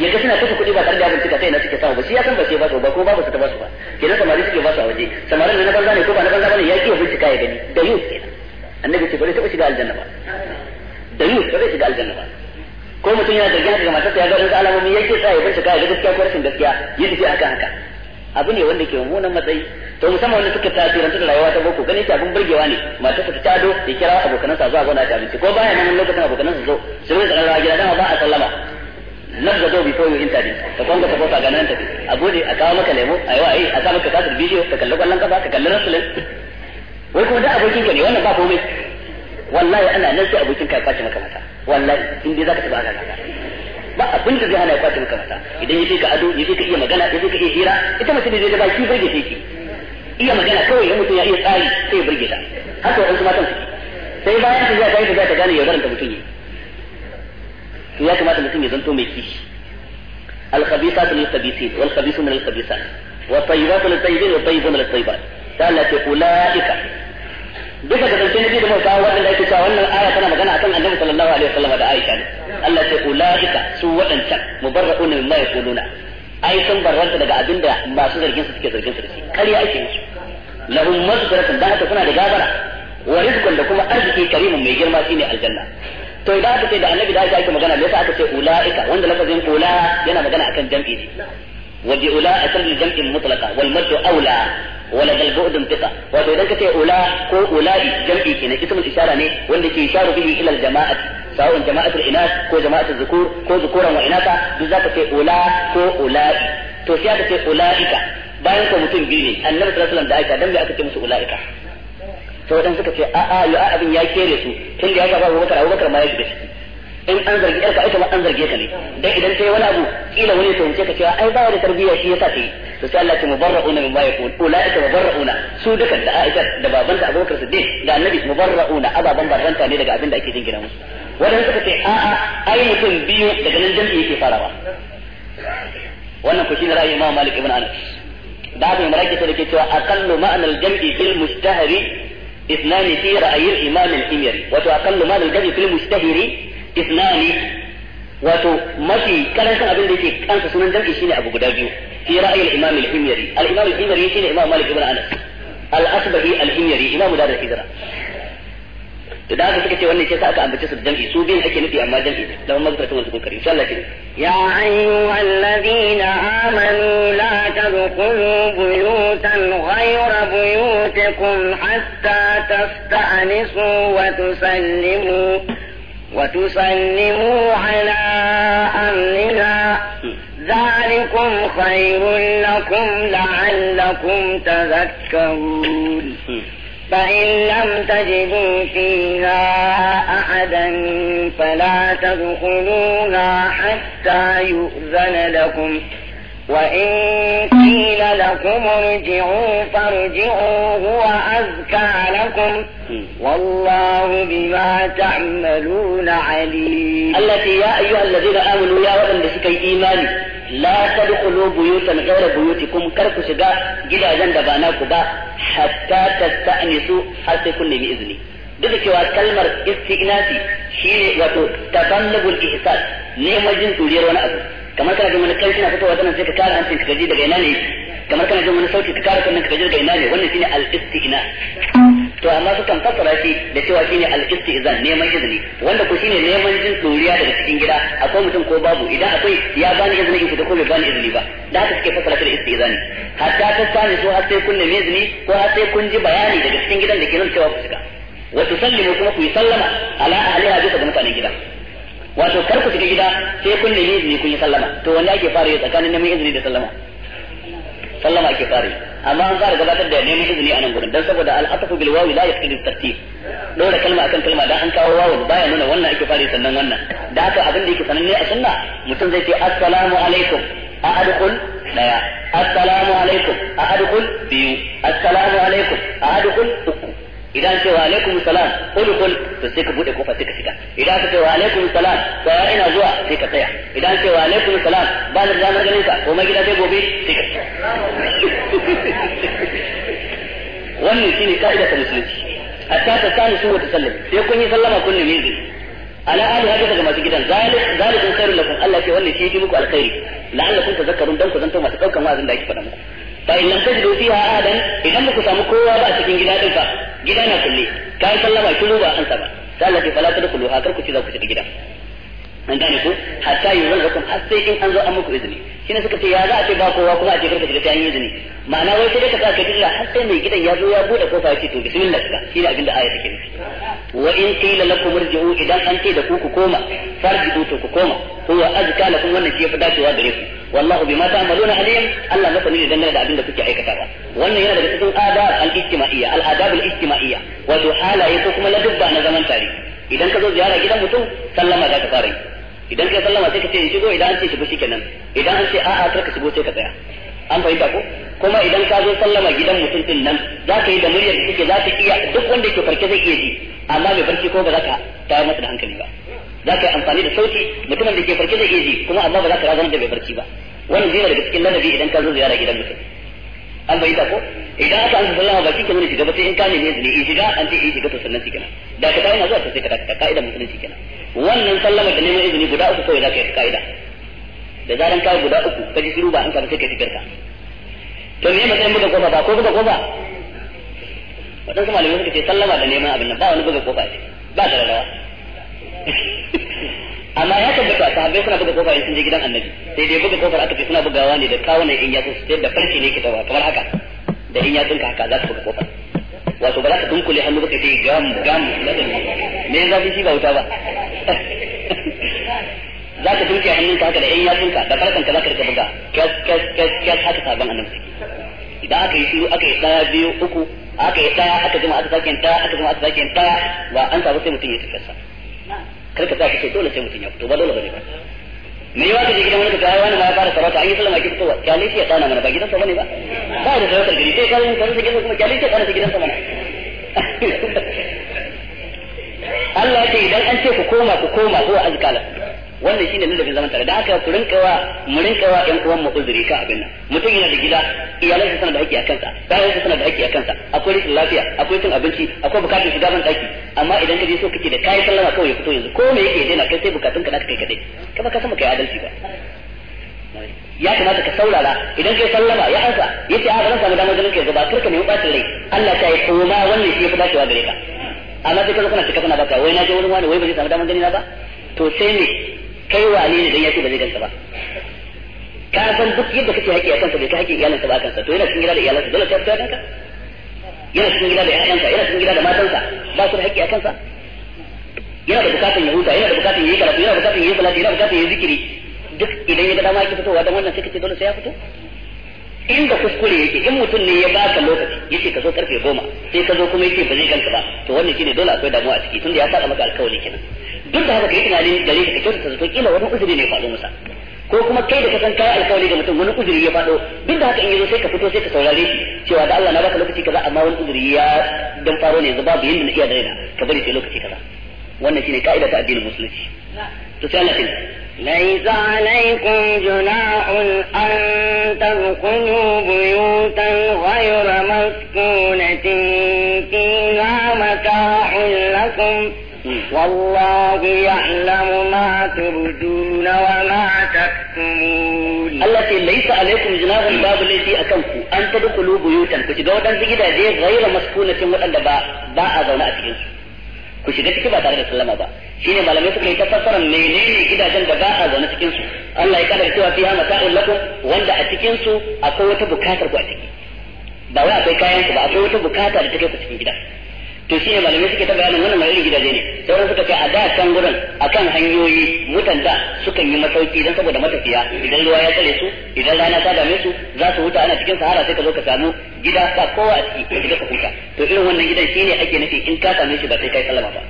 ya ga suna kashe kuɗi ba tare da abinci ka sai na suke samu ba shi ya san ba sai ba su ba ko ba su ta ba su ba kenan samari suke ba su a waje samarin da na banza ne ko ba na banza bane ya ki bincika ya gani da yus kenan annabi ce ba zai shiga aljanna ba da yus ba shiga aljanna ba ko mutum yana da haka ga matarsa ya ga wasu alamomi yake sa ya bincika ya ga gaskiya ko rashin gaskiya ya tafi haka haka abu ne wanda ke mummunan matsayi to musamman wanda suka tasiranta da rayuwa ta boko ganin shi abin burgewa ne mata ta tado da kira abokanan sa zuwa gona ta abinci ko baya nan lokacin abokanan sa zo su ne tsaron gida dama ba a sallama nan ga zo ko you interview ka kwanga ta kofa ganin tafi a gode a kawo maka lemo a yi wa'ayi a samu ka tasir bidiyo ka kalli kwallon kafa ka kalli rasulun wai kuma da abokin ka ne wannan ba komai wallahi ana nan sai abokin ka ya kwace maka mata wallahi in dai zaka ka aka ba abin da zai hana ya kwace maka mata idan ya ka ado ya ka iya magana ya ka iya hira ita mace ne zai ba shi burge take iya magana kawai ya mutum ya iya tsari sai ya burge ta haka wa'ansu matan suke sai bayan ta zai ta zai ta gane yaudaran da mutum ya to ya kamata mutum ya zanto mai kishi الخبيثات للخبيثين والخبيثون للخبيثات والطيبات للطيبين والطيبون للطيبات قال أولئك duka da zance nabi da mai kawo waɗanda ake cewa wannan aya tana magana akan annabi sallallahu alaihi wasallam da Aisha ne Allah ya ce ulaika su waɗancan mubarra'una mimma yaquluna ai sun barranta daga abinda masu zargin su suke zargin su da shi kariya ake musu lahum mazkaratun da haka suna da gabara wa rizqun da kuma arziki karimun mai girma shine aljanna to idan aka ce da annabi da Aisha ake magana me yasa aka ce ulaika wanda lafazin ula yana magana akan jam'i ne wa bi ula asal jam'in mutlaqa wal madu aula wala dal bu'dun wato idan ka kace ula ko ulai jam'i kenan ismul ishara ne wanda ke isharu bihi ila jama'ati sawun jama'atul inas ko jama'atul zukur ko zukuran wa inaka duk zaka ce ula ko ulai to sai aka ce ulaika bayan ka mutum biyu ne annabi sallallahu alaihi wasallam da aika dan bai aka ce musu ulaika to ka suka ce a'a ya abin ya kere su tun da ya ga Abubakar Abubakar ma ya shiga ciki in an zargi yarka ita ma an zarge ka ne dan idan sai wani abu kila wani ce ka cewa ai ba da tarbiyya shi yasa kai to sai Allah ya mubarrauna mimma yaqul ulaika mubarrauna su duka da Aisha da babanta Abubakar Siddiq da Annabi mubarrauna ababan barranta ne daga abin da ake jingina musu wadanda suka ce a'a ai mutum biyu daga nan jami'i yake farawa wannan ku shine ra'ayin Imam Malik ibn Anas da haka mai maraki sai ke cewa aqallu ma'anal jam'i bil mustahri اثنان في رأي الإمام الإميري وتأقل مال الجمع في المشتهر ithnani wato mafi karancin abin da yake kansa sunan jam'i shine abu guda biyu fi ra'ayin imam al-himyari al-imam al-himyari shine imam malik ibn anas al-asbahi al-himyari imam da hijra to da haka suka ce wannan sai aka ambace su jam'i su biyan ake nufi amma jam'i da kuma mazkar tun zikr insha Allah kin ya ayyuhal ladina amanu la tadkhulu buyutan ghayra buyutikum hatta tasta'nisu wa tusallimu وتسلموا على أمرها ذلكم خير لكم لعلكم تذكرون فإن لم تجدوا فيها أحدا فلا تدخلوها حتى يؤذن لكم وإن قيل لكم ارجعوا فارجعوا هو أزكى لكم والله بما تعملون عليم التي يا أيها الذين آمنوا يا وأن لسكي إيماني لا تدخلوا بيوتا غير بيوتكم كركو شقا جدا جندا باناكو با حتى تستأنسوا حتى كل بإذني duk da cewa kalmar istignafi shi ne wato taballagul ihsan neman jin turiyar wani abu kamar kana ga wani kai kana fitowa sanan sai ka kare hancin ka gaji daga ina ne kamar kana jin wani sauti ka kara sannan ka jirga ina ne wannan shine al-isti'na to amma su kan fassara shi da cewa shine al-istizan neman izini wanda ko shine neman jin tsoriya daga cikin gida akwai mutum ko babu idan akwai ya bani izini in fita ko bai bani izini ba da haka suke fassara shi da istizani hatta ta sani so har sai kun nemi izini ko har sai kun ji bayani daga cikin gidan da ke nan cewa ku shiga wa tusallimu kuma ku sallama ala ahliha bisa ga mutanen gida wato kar ku shiga gida sai kun nemi izini kun yi sallama to wanda ake fara yi tsakanin neman izini da sallama sallama ake fare amma an fara gabatar da neman izini a nan gurin dan saboda al'atafu bil wawi la yaqtadi tartib dole kalma akan kalma dan an kawo wawu baya nuna wannan ake fare sannan wannan da haka abin da yake sananne a sunna mutum zai ce assalamu alaikum a adkhul daya assalamu alaikum a adkhul biyu assalamu alaikum a adkhul uku idan ce wa alaikum salam ulukul to sai ka bude kofa sai ka shiga idan ka ce wa alaikum salam tsaya ina zuwa sai ka tsaya idan ce wa alaikum salam ba da zamar ganin ka ko mai gida sai gobe sai ka tsaya wannan shine kaida ta musulunci hatta ta sani sun wata sallama sai kun yi sallama kullu yuzi ala ahli haka daga masu gidan zalik zalikum khairul lakum Allah ce wannan shi yake muku alkhairi la'allakum tazakkarun dan ku zanto masu daukan wa'azin da ake faɗa muku fa in lam tajidu fiha ahadan idan muku samu kowa ba a cikin gida din fa gida na kulle ka yi ba kilo ba an saba sai Allah ce fala tadkhulu ha kar ku ci za ku shiga gida an gane ku hatta yuzan lakum har sai in an zo an muku izini ne suka ce ya za a ce ba kowa kuma a ce karka shiga sai an yi izini ma'ana wai sai ka sa ka jira har sai mai gidan ya zo ya bude kofa ya ce to bismillah ka ne abin da aya ke nufi wa in qila lakum irji'u idan an ce da ku ku koma farji'u to ku koma to wa azka lakum wannan shi ya fi dacewa gare ku wallahu bima ta'maluna alim Allah masani ne dangane da abin da kuke ba wannan yana daga cikin adab al-ijtima'iyya al-adab al-ijtima'iyya wato halaye ko kuma ladabba na zaman tare idan ka zo ziyara gidan mutum sallama za ka fara yi idan ka sallama sai ka ce shigo idan an ce shigo shikenan idan an ce a'a kar ka shigo sai ka tsaya an fahimta ko kuma idan ka zo sallama gidan mutum din nan za ka yi da muryar da take za ta iya duk wanda ke farke zai iya ji amma mai barci ko ba za ka tayar masa da hankali ba za ka yi amfani da sauti mutumin da ke farki zai iya ji kuma amma ba za ka razanar da bai farki ba wannan zai daga cikin ladabi idan ka zo ziyara gidan mutum an bai ta ko idan aka ansa sallama ba kike mun shiga ba sai in ka ne izini in shiga an ce in eh, shiga to sannan shi kenan da ka kai na zuwa sai ka ka kaida musulunci kenan wannan sallama da neman izini guda uku kawai za ka yi kaida da zaran ka guda uku ka ji shiru ba an ka sai ka yi ka to me mutum buga kofa ba ko buga kofa wadansu malamai suka ce sallama da neman abin nan ba wani buga kofa ce ba da rawa amma ya tabbata sahabbai suna buga kofar in sun je gidan annabi sai dai buga kofar aka ce suna bugawa ne da kawunan in yatsun su da farce ne ke tawa kamar haka da in yatsun ka haka za su buga kofar wato ba za ka dunkule hannu kai ka gam gam me zafi shi ba wuta ba za ka hannun ka haka da in ka da ka za ka rika buga kyas kyas kyas kyas haka sabon annabi idan aka yi shiru aka yi ɗaya biyu uku aka yi ɗaya aka jima aka sake ɗaya aka jima aka sake ɗaya ba an samu sai mutum ya tafi sa kar ka sa ka ce dole sai mutum ya fito ba dole ba ne ba me yawa ka je gidan wani ka ga wani ma ya fara sarauta an yi sallama ki fitowa kyalisi ya tsana mana ba gidansa bane ba ba da sarautar gari sai kallon sarautar gidansa kuma kyalisi ya tsana ta gidansa mana Allah ce idan an ce ku koma ku koma zuwa azkala wannan shine ladabin zaman tare da haka ku rinkawa mu rinkawa ɗan uwan mu uzuri ka abin nan mutum yana da gida iyalansa suna da haƙƙi a kansa ɗayansa suna da haƙƙi a kansa akwai rashin lafiya akwai cin abinci akwai bukatun shiga ban ɗaki amma idan ka je so kake da kai sallama kawai ya fito yanzu ko me yake daina kai sai bukatun ka da kai kadai ka ba ka sama kai adalci ba ya kamata ka saurara idan kai sallama ya ansa yace a ban samu damar ganin kai gaba karka ne ba rai Allah ta yi kuma wannan shi ya fada cewa gare ka amma sai ka kana cika kana baka wai na je wurin wani wai ba zai samu damar na ba to sai ne kai wani ne dan yace ba zai ganka ba ka san duk yadda kake haƙi a kansa bai ka haƙi iyalinsa ba kansa to yana cikin gida da iyalansa dole ta fita kanka yana cikin gida da ƴaƴansa yana cikin gida da matansa ba su da haƙƙi a kansa yana da bukatun ya huta yana da bukatun ya yi karatu yana da bukatun ya yi salati yana da bukatun ya yi zikiri duk idan ya ga dama yake fitowa dan wannan sai dole sai ya fito inda kuskure yake in mutum ne ya baka lokaci yace ka zo karfe goma sai ka zo kuma yace ba zai ganka ba to wannan shine dole akwai damuwa a ciki tunda ya saka maka alƙawari kenan duk da haka kai tunanin gare ka kyautata zato kila wani uzuri ne faɗo masa ko kuma kai da ka san kai alƙawari da mutum wani uzuri ya faɗo duk da haka in yazo sai ka fito sai ka saurare shi cewa da Allah na baka lokaci kaza amma wani uzuri ya dan faro ne yanzu babu yanda na iya daina ka bari sai lokaci kaza wannan shine ka'ida ta addinin musulunci to sai Allah ya ليس عليكم جناح أن تدخلوا بيوتا غير مسكونة فيها متاع لكم والله يعلم ما تبدون وما تكتمون التي ليس عليكم جناح باب الذي أكنكو أن تدخلوا بيوتا كتبوا دوتا تجد دي غير مسكونة وأن با باء أذونا أتكين ku shiga ciki ba tare da sallama ba shine malamai suka yi ta fassara menene gidajen da ba a zaune cikin su Allah ya kada cewa fiha mata'un lakum wanda a cikin su akwai wata bukatar ku a ciki ba wai akwai kayan ku ba akwai wata bukata da take ku cikin gida. to shi ne malamai suke ta bayanin wannan mai gidaje ne sauran suka ce a da can gurin kan hanyoyi mutan da sukan yi masauki don saboda matafiya idan ruwa ya tsare su idan rana ta dame su za su huta ana cikin sahara sai ka zo ka samu gida ka kowa a ciki ka ka huta to irin wannan gidan shi ne ake nufi in ka same shi ba sai kai sallama ba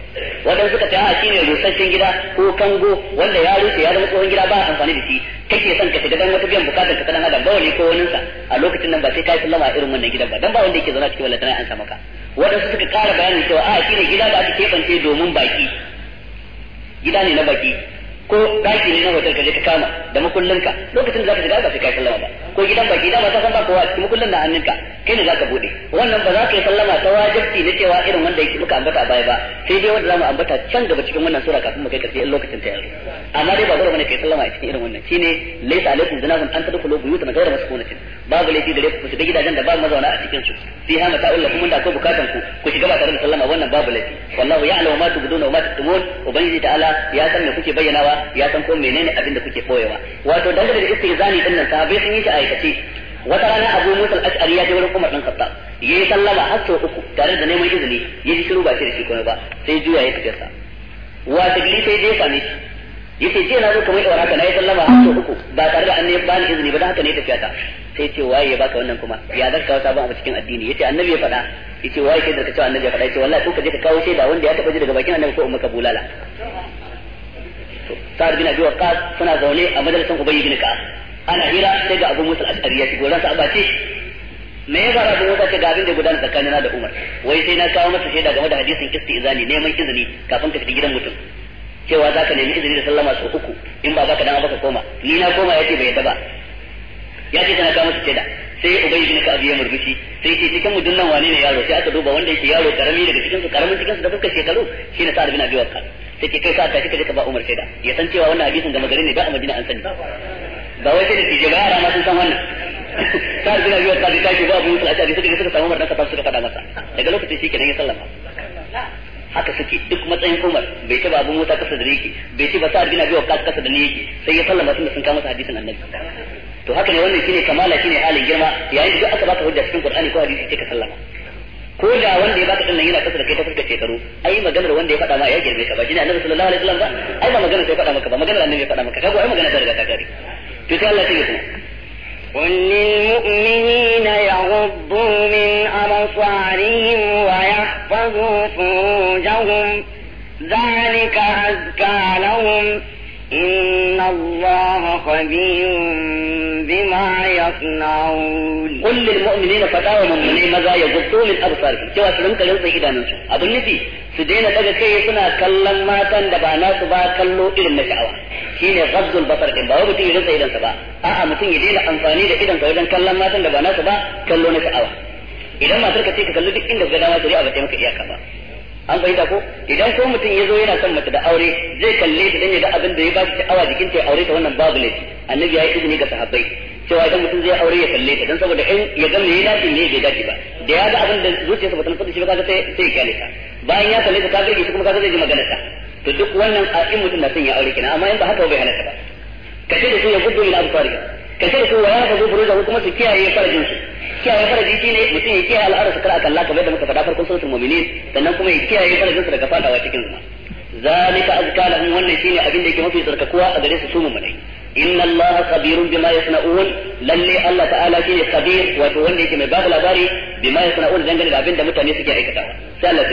wadan suka ce a shi ne rusasshen gida ko kango wanda ya rufe ya zama tsohon gida ba amfani da shi kake son ka shiga dan wata biyan bukatar ka dan adam bawali ko wani sa a lokacin nan ba sai kai sallama irin wannan gidan ba dan ba wanda yake zama cikin wallahi an samu ka waɗansu suka kara bayanin cewa a shi ne gida da aka keɓance domin baki gida ne na baki ko daki ne na hotel ka je ka kama da ka lokacin da za ka shiga ba sai ka sallama ba ko gidan baki dama ta san ba kowa cikin makullin na hannunka kai ne za ka buɗe wannan ba za ka yi sallama ta wajibci na cewa irin wanda yake muka ambata a baya ba sai dai wanda za mu ambata can gaba cikin wannan sura kafin mu kai karshe lokacin ta yanzu amma dai ba dole bane kai sallama a cikin irin wannan shine laysa alaikum junahun an tadkhulu buyutan ghayra maskunatin babu laifi gare ku shiga gidajen da babu mazauna a cikin su fi ha mata'ul lakum da ko bukatan ku ku shiga ba tare da sallama wannan babu laifi wallahu ya'lamu ma tubduna wa ma taktumun ubangiji ta'ala ya san me kuke bayyanawa ya san ko menene abin da kuke koyewa wato dangane da istizani din nan sahabbai sun yi shi aikace wata rana abu musa al-ash'ari ya je wurin umar dan khattab yayi sallama har sau uku tare da neman izini yaji shiru ba shi da shi komai ba sai juya ya tafi sa wa tagli sai je same shi yace jiya na zo kamar yawara ka na yi sallama har sau uku ba tare da an ne ba ni izini ba dan haka ne tafiya ta sai ce waye ya baka wannan kuma ya zarka kawo sabon a cikin addini yace annabi ya faɗa yace waye ke ka cewa annabi ya faɗa yace wallahi ko ka je ka kawo shaida wanda ya taɓa ji daga bakin annabi ko ummaka bulala sa'ad bin abi waqqas suna zaune a madrasan ubay bin ka'ab ana hira sai ga abu musul ashari ya shigo sa abace me ya fara abu musul ga abin da gudana tsakanina da umar wai sai na kawo masa shaida game da hadisin istizani neman izini kafin ka fita gidan mutum cewa za ka nemi izini da sallama sau uku in ba zaka ka dama ka koma ni na koma yace bai yadda ba ya ce kana ka masa shaida sai ubai bin ka abiya murmushi sai ce cikin mu dunnan wane ne yaro sai aka duba wanda yake yaro karami daga cikin su karamin cikin su da fuskar shekaru ne sa'ad bin abi waqqas sai ke kai sa'ad ta kika ka ba Umar shaida ya san cewa wannan hadisin da magari ne ba a Madina an sani ba wai sai da tije ba yara ma sun san wannan sa'ad bin abi waqqas ta ce ba Abu Musa al-Ashari sai suka samu Umar dan ka suka faɗa masa daga lokacin shi kenan ya sallama haka suke duk matsayin Umar bai ce ba Abu Musa kasa da yake bai ce ba Sa'ad bin Abi kasa da ne yake sai ya sallama tun da sun kama hadisin Annabi to haka ne wannan shine kamala shine halin girma yayin da aka baka hujja cikin Qur'ani ko hadisi sai ka sallama ko da wanda ya baka dinnan yana kasar kai ta fuskar shekaru ai maganar wanda ya faɗa ma ya girme ka ba shine Annabi sallallahu alaihi wasallam ba ai ba maganar sai faɗa maka ba maganar Annabi ya faɗa maka kaga ai maganar da riga ta gari to sai Allah ya tsaya قل ya يغضوا من أبصارهم ويحفظوا فروجهم ذلك أزكى لهم إن الله خبير بما يصنعون قل للمؤمنين فتاوى من ماذا يغضوا من nufi su daina daga kai suna kallon matan da ba nasu ba kallo na sha'awa ya rinsa idansa a'a mutum ya daina amfani da idansa wajen kallon matan da ba nasu ba kallo na sha'awa idan matar ka ka an fahimta ko idan ko mutum ya zo yana son mace da aure zai kalle ta dan ya ga abin da ya ba shi sha'awa jikin ta aure ta wannan babu laifi annabi ya yi izini ga sahabbai cewa idan mutum zai aure ya kalle ta dan saboda in ya ga me yana cin ne bai dace ba da ya ga abin da zuciyarsa ba ta nufa shi ba kaga sai ya kalle ta bayan ya kalle ta ka ga shi kuma kaga zai ji magana ta to duk wannan a in mutum na son ya aure kina amma in ba haka ba bai halaka ba kace da su ya gudu min absariya kace da su wa ya gazu furuja kuma su kiyaye farajin su kiyaye farajin shi ne mutum ya kiyaye al'ada su kar aka Allah kamar da muka faɗa farkon suratul mu'minin sannan kuma ya kiyaye farajin su daga fadawa cikin zina zalika azka lahum wannan shine abin da yake mafi tsarkakuwa a gare su su mu'minai inna Allah khabirun bima yasna'un lalle Allah ta'ala shine khabir wato wanda yake mai bada labari bima yasna'un dangane da abin da mutane suke aikatawa sai Allah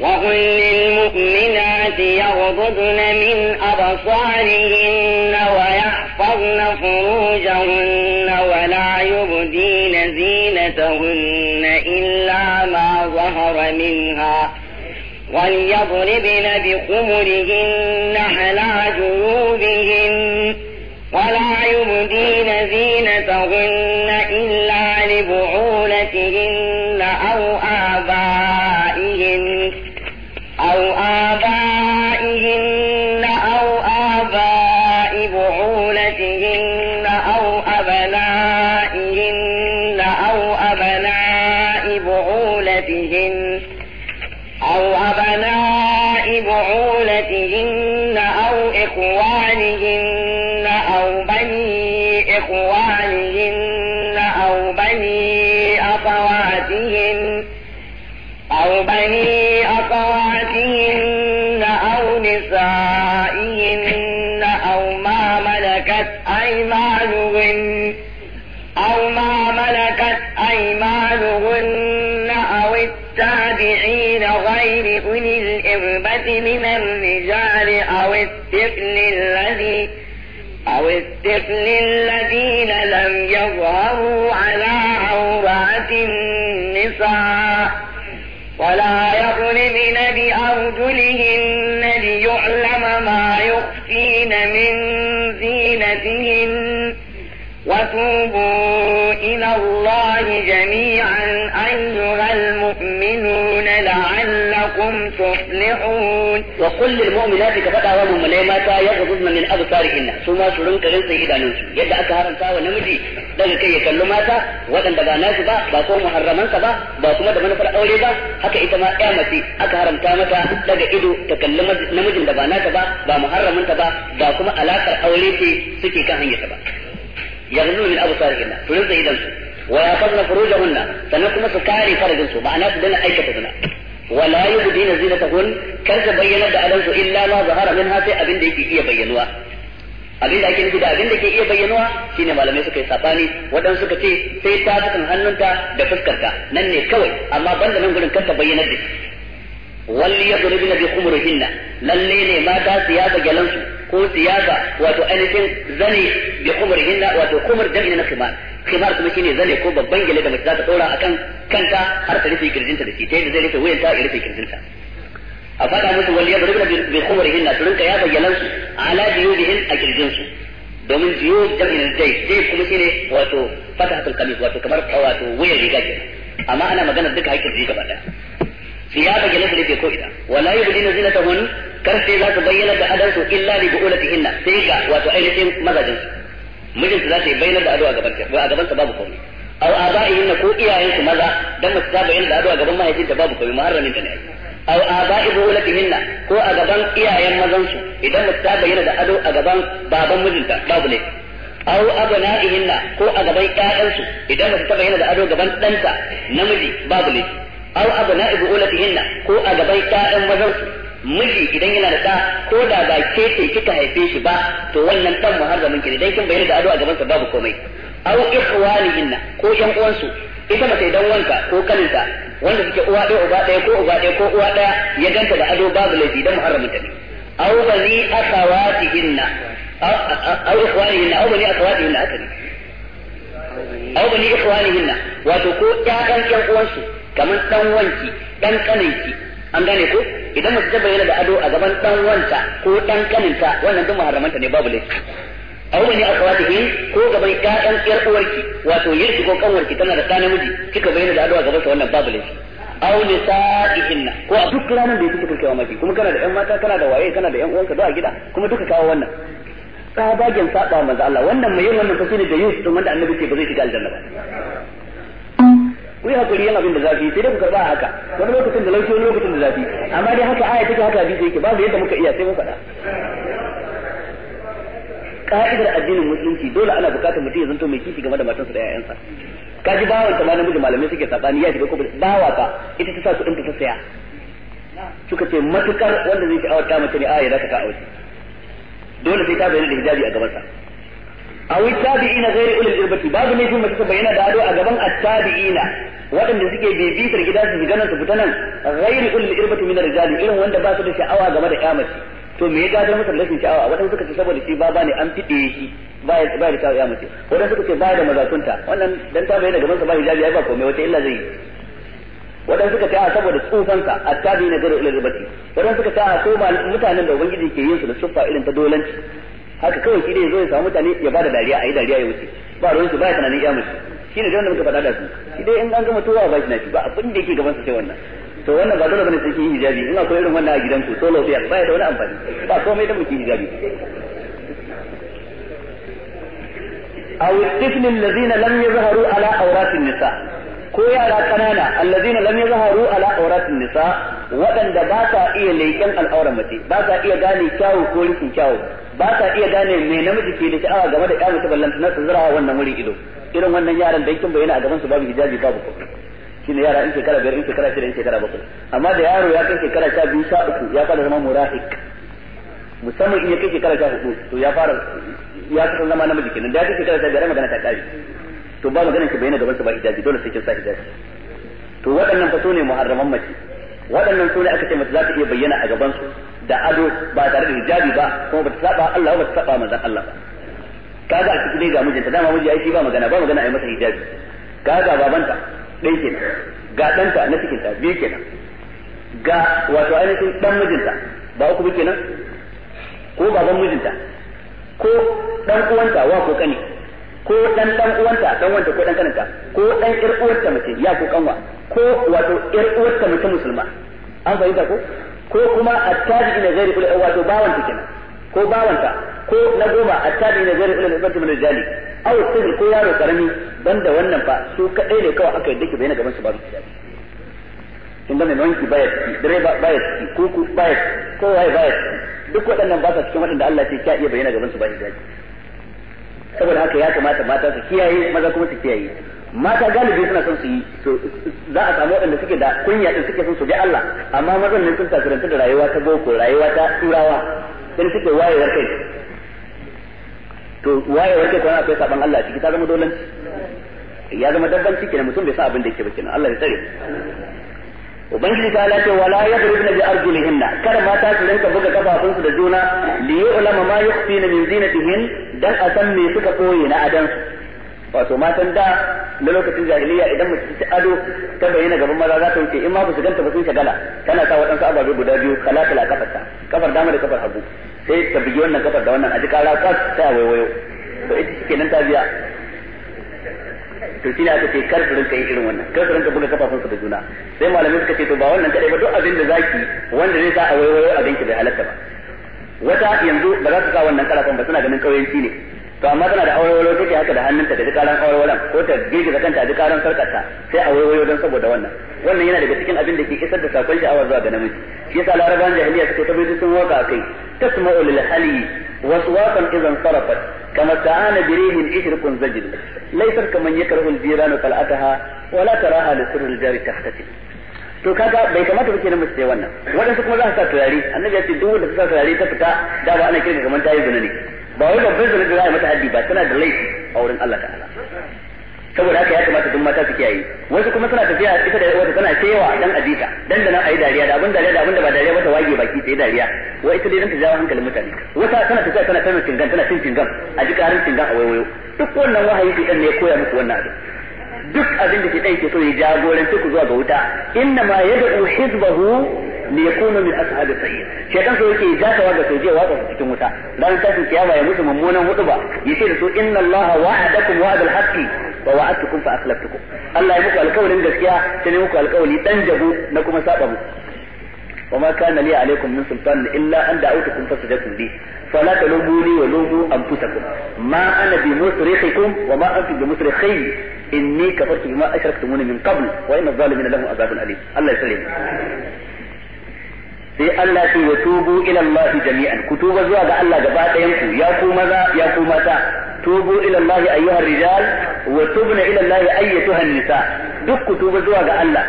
وقل للمؤمنات يغضضن من أبصارهن ويحفظن فروجهن ولا يبدين زينتهن إلا ما ظهر منها وليضربن بخمرهن على جنوبهن ولا يبدين زينتهن إلا لبعولتهن بعولتهن أو إخوانهن أو بني إخوانهن أو بني أخواتهن أو بني أخواتهن أو نسائهن أو ما ملكت أيمانهن أو ما ملكت أيمانهن أو غير أولي الإربة من الرجال أو الطفل الذي أو الطفل الذين لم يظهروا على عورات النساء ولا يظلمن بأرجلهن ليعلم ما يخفين من زينتهن وتوبوا إلى الله جميعا أيها لعلكم تفلحون وقل للمؤمنات كفتا ومؤمنين ماتا يغضضن من أبصارهن ثم سرنك غنسا إذا ننسو يدى أكهارا تاوى نمجي daga kai ya kallo mata waɗanda ba nasu ba ba ko muharramansa ba ba kuma da manufar aure ba haka ita ma ya haramta mata daga ido ta kalli namijin da ba nata ba ba muharramanta ba ba kuma alakar aure suke kan hanyarta ba yanzu min abu sarihin furin idan su wa ya sannan kuma su kare farajin su ma'ana su dana aikata zina wala yubdina zinatahun kar ka bayyana da adansu illa ma zahara minha sai abin da yake iya bayyanuwa abin da ake nufi da abin da ke iya bayyanuwa shine malamai suka yi sabani waɗansu suka ce sai ta cikin hannunta da fuskarta nan ne kawai amma ban da nan gurin kar ta bayyana da walli yadribna bi khumurihinna lalle ne mata su yaga galansu ko su yaga wato ainihin zane bi khumurihinna wato khumur da na khimar khimar kuma shine zane ko babban gele da mace za ta dora akan kanta har ta rufe kirjinta da shi ta yadda zai rufe wuyanta ya rufe kirjinta a faɗa musu wal yadribna bi khumurihinna su rinka ya bayyana su ala jiyubihin a kirjinsu domin jiyub jam'in dai dai kuma shine wato fatahatul qamis wato kamar wato wuyar riga kenan amma ana magana duka haƙƙin riga gaba daya ثيابك التي في كوئنا ولا يبدين زينتهن كرسي لا تبين sai إلا wato ainihin وتعينهم su. mijinta za ta yi bayyana da ado a gaban ta a gaban ta babu komai aw na ko iyayensu maza dan mace ta bayyana da ado a gaban mahaifinta babu komai muharramin da ne aw aba'i na ko a gaban iyayen mazan su idan mace ta bayyana da ado a gaban baban mijinta babu ne aw abna'ihinna ko a gaban ƴaƴansu idan mace ta bayyana da ado gaban ɗanta namiji babu ne aw abna'i na ko a gaban ƴaƴan mazan su miji idan yana da ɗa ko da ba ke ce kika haife shi ba to wannan ɗan har zaman ne dai kin bayyana da ado a gaban sa babu komai aw ikhwanihinna ko yan uwansu ita mace idan wanka ko kaninta wanda suke uwa ɗaya uba ɗaya ko uba ɗaya ko uwa ɗaya ya ganta da ado babu laifi dan muharramin ta ne aw bani akhawatihinna aw ikhwanihinna aw bani akhawatihinna haka ne aw bani ikhwanihinna wato ko ƴaƴan ƴan uwansu kamar dan wanki dan kaninki an gane ko idan mace ta bayyana da ado a gaban dan wanta ko dan kaninta wannan duk muharramanta ne babu laifi a wani akhawatihi ko gaban ƴaƴan ƴar uwarki wato yirki ko kanwarki tana da ɗa namiji kika bayyana da ado a gaban sa wannan babu laifi aw sa'ihinna ko a duk ranar da yake kake kawo maki kuma kana da ƴan mata kana da waye kana da ƴan uwanka zuwa a gida kuma duka kawo wannan tsabagen saba manzo Allah wannan mai yin wannan fasiri da Yusuf din wanda annabi ce ba zai shiga aljanna ba ku yi hakuri yin abin da zafi sai dai ku karba haka wani lokacin da laushi wani lokacin da zafi amma dai haka aya take haka hadisi yake babu yadda muka iya sai mu faɗa ka'idar addinin musulunci dole ana bukatar mutum ya zanto mai kishi game da matansa da 'ya'yansa ka ji bawan ta ma namiji malamai suke sabani ya shiga kuma bawa ka ita ta sa kuɗin ta saya suka ce matukar wanda zai ki ta mace ne a ya zaka ka aure dole sai ta bayyana da hijabi a gabansa a awi tabi'ina ghairi ulul irbati babu ne kuma suka bayyana da ado a gaban at-tabi'ina waɗanda suke bibitar gida su da nan su fita nan ghairi ulul irbati min ar-rijali irin wanda ba su da sha'awa game da kyamaci to me ya gadar masa rashin sha'awa waɗanda suka ce saboda shi baba ne an fide shi ba ba da sha'awa mace waɗanda suka ce ba da mazakunta wannan dan ta bayyana gaban sa ba hijabi ai ba komai wata illa zai yi waɗanda suka ce a saboda tsufansa at-tabi'ina ghairi ulul irbati waɗanda suka ce a so mutanen da ubangiji ke yin su da suffa irin ta dolanci haka kawai shi ne zo ya samu mutane ya bada dariya ayi dariya ya wuce ba ruwan su ba ya tunanin iya mutu shi ne wanda muka faɗa da su shi dai in an gama towa ba shi na shi ba abin da yake gaban su sai wannan to wannan ba dole bane sai kin hijabi ina koyar irin wannan a gidanku solo lafiya ba ya da wani amfani ba komai da muke hijabi أو الطفل الذين لم يظهروا على أوراق النساء ko yara kanana allazina lam yazharu ala auratin nisa wadanda ba ta iya leƙen al'auran mace ba ta iya gane kyawu ko rikin kyawu ba ta iya gane me namiji ke da sha'awa game da ƴa mace ballanta na tsira wannan wuri ido irin wannan yaran da yake bayyana a gaban su babu hijabi babu kuma shine yara in shekara biyar in shekara shida in shekara bakwai amma da yaro ya kai shekara sha biyu sha uku ya fara zama murahik musamman in ya kai shekara sha hudu to ya fara ya kusan zama namiji kenan da ya kai shekara sha biyar magana ta kare to ba maganar ki bayyana gaban su ba hijabi dole sai kin sa hijabi to waɗannan fa sune muharraman mace waɗannan sune aka ce mace za ta iya bayyana a gaban su da ado ba tare da hijabi ba kuma ba ta saba Allah ba ta saba manzon Allah ba kaga a cikin ga mijinta dama miji yayi shi ba magana ba magana ai masa hijabi kaga babanta ɗaya kenan ga ɗanta na cikinta biyu kenan ga wato ainihin ɗan mijinta ba uku kenan ko baban mijinta ko ɗan uwanta wa ko kani ko dan dan uwanta dan wanda ko dan kananta ko dan ir uwarta mace ya ko kanwa ko wato ir uwarta mace musulma an fahimta ko ko kuma attabi ina gairi kullu wato bawanta kenan ko bawanta ko na goma attabi ina gairi kullu ibadi min rijali aw sirri ko yaro karami banda wannan fa su kadai ne kawai aka yaddake bayana gaban su babu hijabi tunda ki wanki ki ciki direba baya ciki kuku ku ciki ko baya ciki duk waɗannan ba sa cikin waɗanda Allah ce kya iya bayyana gaban su ba hijabi saboda haka ya kamata mata su kiyaye maza kuma su kiyaye mata galibi suna son su yi za a samu waɗanda suke da kunya din suke son su bi Allah amma mazan ne sun tasirantu da rayuwa ta boko rayuwa ta turawa in suke wayewar kai to wayewar kai kuma akwai saban Allah ciki ta zama dolanci ya zama dabbanci kenan mutum bai sa abin da yake ba kenan Allah ya tsare ubangiji ta wala ya wala na bi arjulihinna kar mata su rinka buga kafafunsu da juna li ulama ma yukhfina min zinatihin dan a san me suka koye na adan wato matan da na lokacin jahiliya idan mace ta ado ta bayyana gaban maza za ta wuce in ma ba su ganta ba sun shagala tana sa waɗansu ababe guda biyu kala kala kafarta kafar dama da kafar hagu sai ta bugi wannan kafar da wannan a ji kara kas ta a waiwayo to ita kenan ta biya to shine aka ce kar su rinka yin irin wannan kar su rinka buga kafafun su da juna sai malamin suka ce to ba wannan kadai ba duk abin da zaki wanda zai sa a waiwayo a ki bai halatta ba wata yanzu ba za su sa wannan karafan ba suna ganin kauyanci ne to amma tana da awarwalo take haka da hannunta da dukkan awarwalan ko ta da kanta dukkan sarkarta sai a don saboda wannan wannan yana daga cikin abin da ke isar da sakon sha'awa zuwa ga namiji shi yasa larabawan jahiliya suke ta bayyana sun waka kai tasma'u lil hali wa suwaqan idan sarafat kama ta'ana birihin ishrqun zajid laysa kaman yakrahu al-jiran qal'ataha wala taraha li sirri al-jari tahtatik to kaga bai kamata ba na mace wannan waɗansu kuma za su sa turare annabi ya ce duk wanda ta sa turare ta fita da ba ana kirga kamar ta yi zina ne ba wai babban zina da za a yi mata haddi ba tana da laifi a wurin Allah ta'ala saboda haka ya kamata duk mata su kiyaye wasu kuma suna tafiya ita da wata tana cewa dan adita dan da nan ayi dariya da abin dariya da abin da ba dariya ba ta wage baki sai dariya wai ita dai dan ta jawo hankalin mutane wata tana tafiya tana tana cingan tana cin cingan a ji karin cingan a wayoyo duk wannan wahayi ɗin ne ya koya muku wannan abin duk abin da shedan ke so ya jagorance ku zuwa ga wuta inna ma yad'u hizbahu li yakunu min ashabi sayyid shedan so yake dakawa ga soje wa cikin wuta dan tashin kiyama ya musu mummunan ba ya ce da su inna allaha wa'adakum wa'dal haqqi wa wa'adtukum fa akhlaftukum Allah ya muku alƙawarin gaskiya sai ne muku alƙawari dan jabu na kuma saba muku وما كان لي عليكم من سلطان إلا أن دعوتكم فاستجبتم لي فلا تلوموا لي ولوموا أنفسكم ما أنا بمصرخكم وما أنتم بمصرخي إني كفرت بما أشركتموني من قبل وإن الظالمين لهم عذاب أليم الله يسلم sai Allah ce wa tubu ila Allah jami'an ku tuba zuwa ga Allah gaba ɗayan ku ya ku maza ya ku mata tubu ila Allah ayyuhar rijal wa tubna ila Allah ayyatuhan nisa duk ku tuba zuwa ga Allah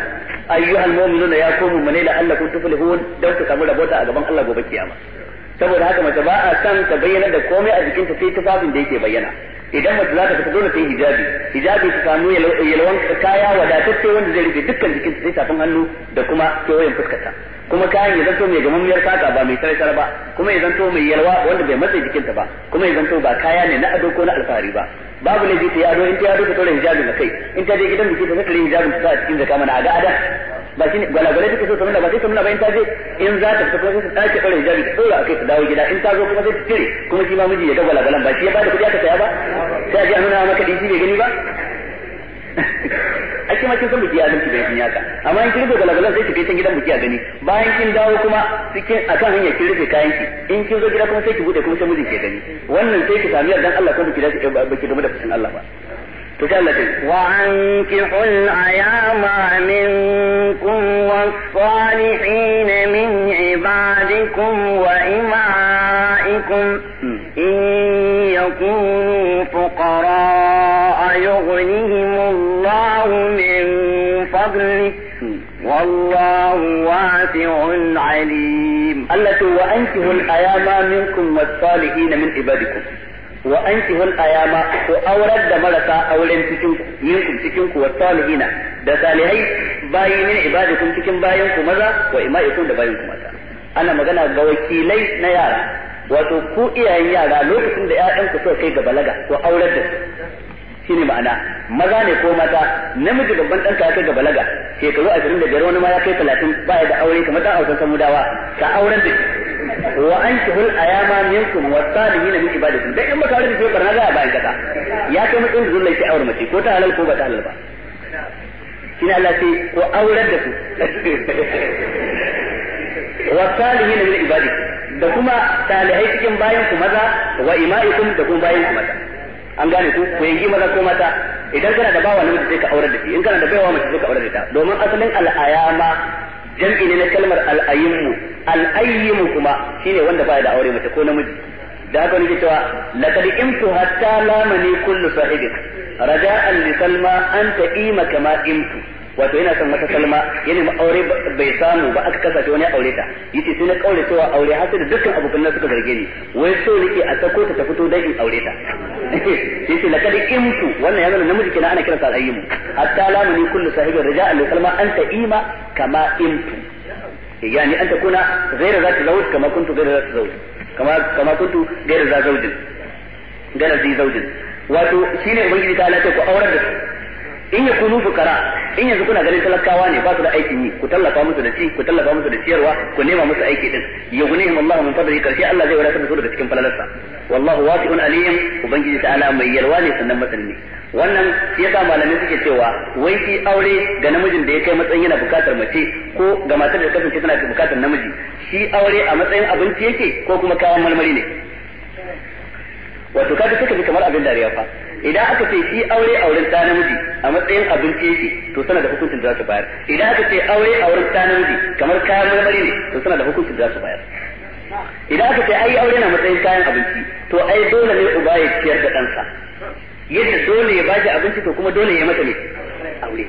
ayyuhal mu'minuna ya ku mu'mina la Allah kun tuflihun dan ku samu rabota a gaban Allah gobe kiyama saboda haka mace ba a san ta bayyana da komai a jikinta sai tufafin da yake bayyana idan mace za ta fita dole ta yi hijabi hijabi ta samu yalwan kaya wadatacce wanda zai rufe dukkan jikinta sai tafin hannu da kuma kewayen fuskata kuma kayan ya zanto mai gamammiyar fata ba mai sarsar ba kuma ya zanto mai yalwa wanda bai matsa jikinta ba kuma ya zanto ba kaya ne na ado ko na alfahari ba babu ne jita yado in ta yado ta tore hijabin da kai in ta je gidan biki ta tare hijabin ta a cikin zaka mana a ga adam ba shi ne gwalagwalai take so ta nuna ba sai ta nuna ba in ta je in za ta fita kuma sai ta dace tore hijabi ta dora akai ta dawo gida in ta zo kuma sai ta cire kuma shi ma miji ya ga gwalagwalan ba shi ya bada kuɗi aka saya ba sai a ji a nuna maka dinki bai gani ba ake kima kin san biki adalci bai kin ka amma in kin rufe galagalan sai ki can gidan biki a gani bayan kin dawo kuma cikin akan hanya kin rufe kayan ki in kin zo gida kuma sai ki bude kuma sai mijin ke gani wannan sai ki sami yardan Allah ko biki da ki eh, game da fushin Allah ba تجلد وأنكحوا الأيام منكم والصالحين من عبادكم وإمائكم إن يكونوا فقراء يغنيهم الله من فضله والله واسع عليم التي وأنكحوا الأيام منكم والصالحين من عبادكم wa ankihul ayama ko aurar da marasa auren cikin minkum cikin ku wa salihina da salihai bayi min ibadikum cikin bayan ku maza wa ima'ikum da bayan ku mata ana magana ga wakilai na yara wato ku iyayen yara lokacin da ƴaƴan ku suka kai ga balaga ko aurar da su shine ma'ana maza ne ko mata namiji babban ɗanka ya kai ga balaga shekaru 25 wani ma ya kai 30 ba ya da aure kamar dan autan samudawa ka aurar da shi wa kihul ayama minkum salihin min ibadatin dan in baka aure da barna za a bayan kasa ya kai mutum da zulai ki aure mace ko ta halal ko ba ta halal ba shine Allah sai ko aurar da su salihin min ibadatin da kuma salihai cikin bayan ku maza wa ima'ikum da kuma bayan ku maza an gane ku ku yanki maza ko mata idan kana da bawa namiji sai ka aurar da shi in kana da baiwa mace sai ka aurar da ta domin asalin al'ayama jam'i ne na kalmar al'ayyimu al'ayyimu kuma shine wanda baya da aure mace ko namiji da haka nake cewa laqad imtu hatta lamani kullu sahibik raja'an li salma anta ima ma imtu wato yana son mata Salma yana ma aure bai samu ba aka kasa wani aure ta yace sai na kaure cewa aure har sai da dukkan abokan nan suka zarge ni wai so nake a sako ta ta fito dan in aure ta yace laqad imtu wannan ya zama namiji kenan ana kiransa al-ayyimu hatta la muni kullu sahibin rija'an li kalma anta ima kama imtu eh, yani an takuna ghayra zati zawj kama kuntu ghayra zati zawj kama kama kuntu ghayra zati zawj ghayra zati zawj wato shine ubangiji ta Allah ta ku aurar da su in ya kunu fukara in yanzu kuna ganin talakawa ne ba su da aikin yi ku tallafa musu da ci ku tallafa musu da ciyarwa ku nema musu aiki din yughnihim Allah mun fadari karshe Allah zai wadatar su daga cikin falalarsa wallahu wasi'un alim ubangiji ta'ala mai yalwa ne sannan masani wannan shi yasa malamai suke cewa wai shi aure ga namijin da ya kai matsayin yana bukatar mace ko ga matar da kasance tana bukatar namiji shi aure a matsayin abinci yake ko kuma kawan marmari ne wato kaga suka bi kamar abin dariya fa idan aka ce shi aure auren ɗa namiji a matsayin abinci ce to suna da hukuncin da za su bayar idan aka ce aure auren ɗa namiji kamar kayan marmari ne to suna da hukuncin da za su bayar idan aka ce ai aure na matsayin kayan abinci to ai dole ne uba ya ciyar da ɗansa yadda dole ya bashi abinci to kuma dole ya mata ne aure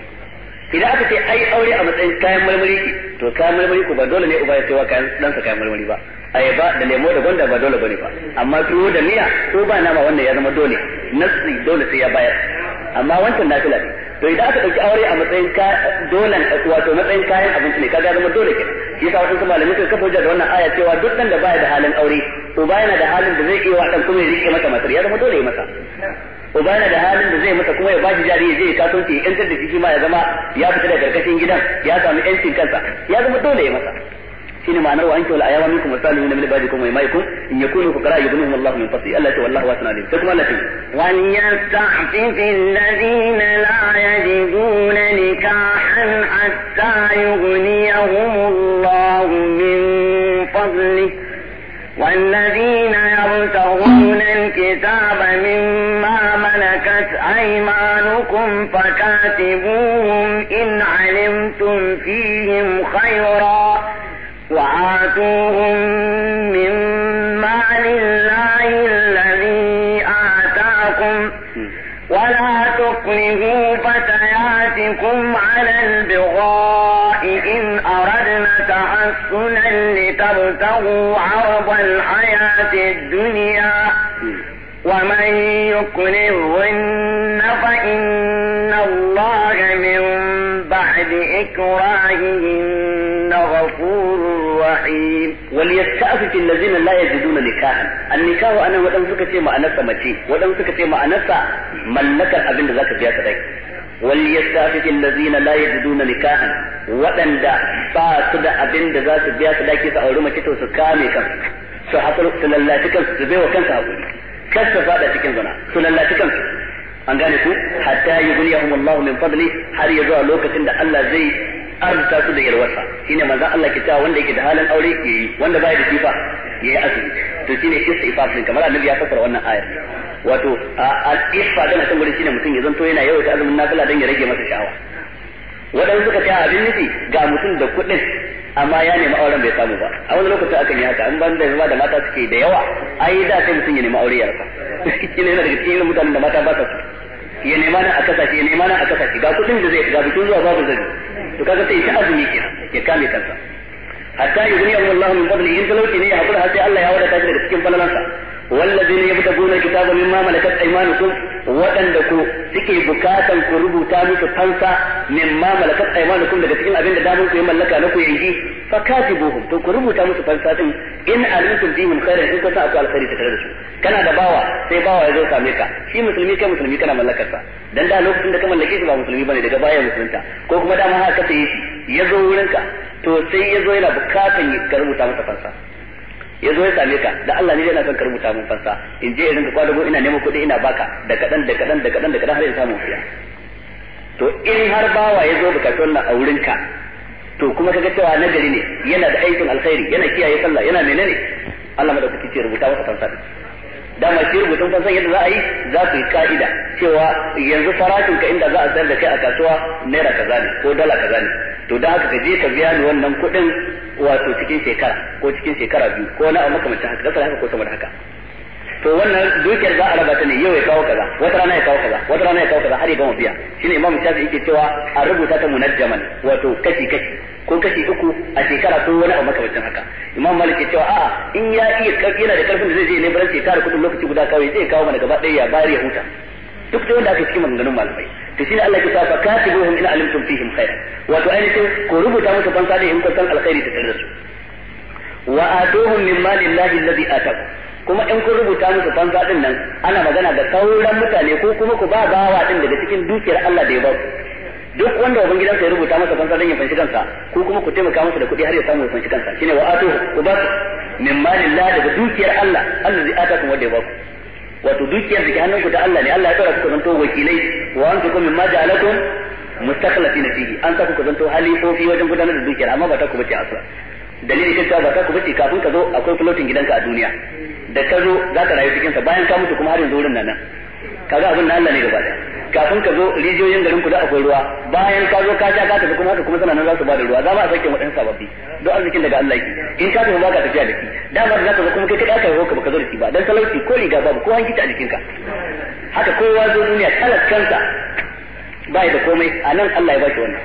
idan aka ce ai aure a matsayin kayan marmari to kayan marmari ko ba dole ne uba ya sayawa kayan ɗansa kayan marmari ba ayaba da lemo da gwanda ba dole bane ba amma tuwo da miya to ba nama wannan ya zama dole nasri dole sai ya bayar amma wancan nafila ne to idan aka dauki aure a matsayin ka dolan wato matsayin kayan abinci ne kaga zama dole ke shi yasa wasu malamai suka kafa hujja da wannan aya cewa duk dan da baya da halin aure ba yana da halin da zai iya wa dan kuma ya rike masa matar ya zama dole ya masa uba yana da halin da zai masa kuma ya ba shi jari ya je ya kasance ya yantar da shi ma ya zama ya fita da karkashin gidan ya samu yancin kansa ya zama dole ya masa shine ma'anar wa ankihu al-ayawa minkum wasalihin min ibadikum wa imaikum in yakunu fuqara yughnihim Allah min fadli Allah ta wallahu wasna alim sai kuma Allah wal yasta'fif alladhina la yajiduna nikahan hatta yughniyahum Allah min fadlihi والذين يبتغون الكتاب مما ملكت أيمانكم فكاتبوهم إن علمتم فيهم خيرا وآتوهم من مال الله الذي آتاكم ولا تكرهوا فتياتكم على البغاء إن أردنا تحصنا لتبتغوا عرض الحياة الدنيا ومن يكرهن فإن الله من بعد إكراههن wal yasta'fifu allazina la yajiduna nikahan an nikahu anan wadan suka ce ma'anarsa mace wadan suka ce ma'anarsa mallakar abin da zaka biya sadaki wal yasta'fifu allazina la yajiduna nikahan wadanda ba su da abin da za su biya sadaki su aure mace to su kame kan su hatsar su lallaci kansu su bai baiwa kansu hakuri kar su fada cikin zina su lallaci kansu an gane ku hatta yughniyahum Allahu min fadli har ya zuwa lokacin da Allah zai arzuta su da yalwarsa ne manzo Allah ke cewa wanda yake da halin aure yayi wanda baya da ya yayi azumi to shi ne istighfar ifafin kamar annabi ya fassara wannan ayar wato al-ifa da mutum gurin ne mutum ya zanto yana ta azumin nafila don ya rage masa sha'awa waɗansu suka ce abin nufi ga mutum da kuɗin amma ya nemi auren bai samu ba a wani lokacin akan yi haka an ban da zama da mata suke da yawa ai da sai mutum ya nemi aure ya rasa ne yana daga cikin irin mutanen da mata ba ta su ya nema nan a kasashe ya nema nan a kasashe ga kuɗin da zai ga bikin zuwa babu zai to kaga sai ya azumi kenan ya kame kansa hatta yughniyahum Allah min fadli in talauci ne ya hakura har sai Allah ya wadata shi daga cikin falalansa والذين يبتغون الكتاب مما ملكت ايمانكم waɗanda ku suke bukatan ku rubuta musu fansa min ma malakat aymanukum daga cikin abin da damar ku ya mallaka na ku yanzu fa katibuhum to ku rubuta musu fansa din in alimtum bihim khairan in kunta akwai alkhairi tare da su kana da bawa sai bawa ya zo same ka shi musulmi kai musulmi kana mallakar sa dan da lokacin da ka mallake shi ba musulmi bane daga baya musulunta ko kuma dama haka ka yi shi ya zo wurinka to sai ya zo yana bukatan ka rubuta masa fansa ya zo ya same ka da Allah ne yana son ka rubuta min fansa in je irin ka kwadago ina neman kuɗi ina baka da kadan da kadan da kadan da kadan har ya samu fiya to in har bawa ya zo bukatu wannan a wurin ka to kuma kaga cewa nagari ne yana da aikin alkhairi yana kiyaye sallah yana menene Allah madaukaki ce rubuta masa fansa dama shi rubutun kun san yadda za a yi za ku yi ka'ida cewa yanzu farashin ka inda za a sayar da kai a kasuwa naira kaza ne ko dala kaza ne to dan haka ka je ka biya ni wannan kuɗin wato cikin shekara ko cikin shekara biyu ko na maka makamancin haka haka ko sama da haka to wannan dukiyar za a raba ta ne yau ya kawo kaza wata rana ya kawo kaza wata rana ya kawo kaza har ya gama biya shine imam shafi yake cewa a rubuta ta munajjaman wato kashi kashi ko kashi uku a shekara ko wani abu makamancin haka imam malik ya cewa a in ya iya yana da karfin da zai je ne bar shekara kudin lokaci guda kawai zai kawo mana gaba daya ya bari ya huta duk da wanda aka cikin maganganun malamai to shine Allah ke fa katibuhum in alimtum fihim khair wato ainihin ko rubuta musu fansa da in kun san alkhairi ta tare da su wa atuhum min malillahi alladhi ataku kuma in kun rubuta musu fansa din nan ana magana da sauran mutane ko kuma ku ba bawa din daga cikin dukiyar Allah da ya ba duk wanda wani gidansa ya rubuta masa fansa din ya fanshi kansa ko kuma ku taimaka masa da kuɗi har ya samu ya fanshi kansa shine wa atu ku ba min malillah daga dukiyar Allah Allah zai ata ku wanda ya ba ku wato dukiyar da ke ku ta Allah ne Allah ya tsara ku to wakilai wa antum mimma ja'alakum mustaqlatin fihi an ta ku to halifofi wajen gudanar da dukiyar amma ba ta ku bace asala dalilin kan cewa ka ku kafin ka zo akwai floating gidanka a duniya da ka zo za ka rayu cikin sa bayan ka mutu kuma har yanzu wurin nan nan kaga abin na Allah ne gaba daya kafin ka zo rijiyoyin garin ku da akwai ruwa bayan ka zo ka ja ka tafi kuma haka kuma suna za su ba da ruwa za ba a sake waɗansu sababbi don arzikin daga Allah yake in ka tafi ba ka tafiya da shi dama da ka zo kuma kai kai ka zo ka ka zo da shi ba dan talauci ko riga babu ko hanki ta jikinka haka kowa zo duniya talas kansa ba da komai a nan Allah ya ba shi wannan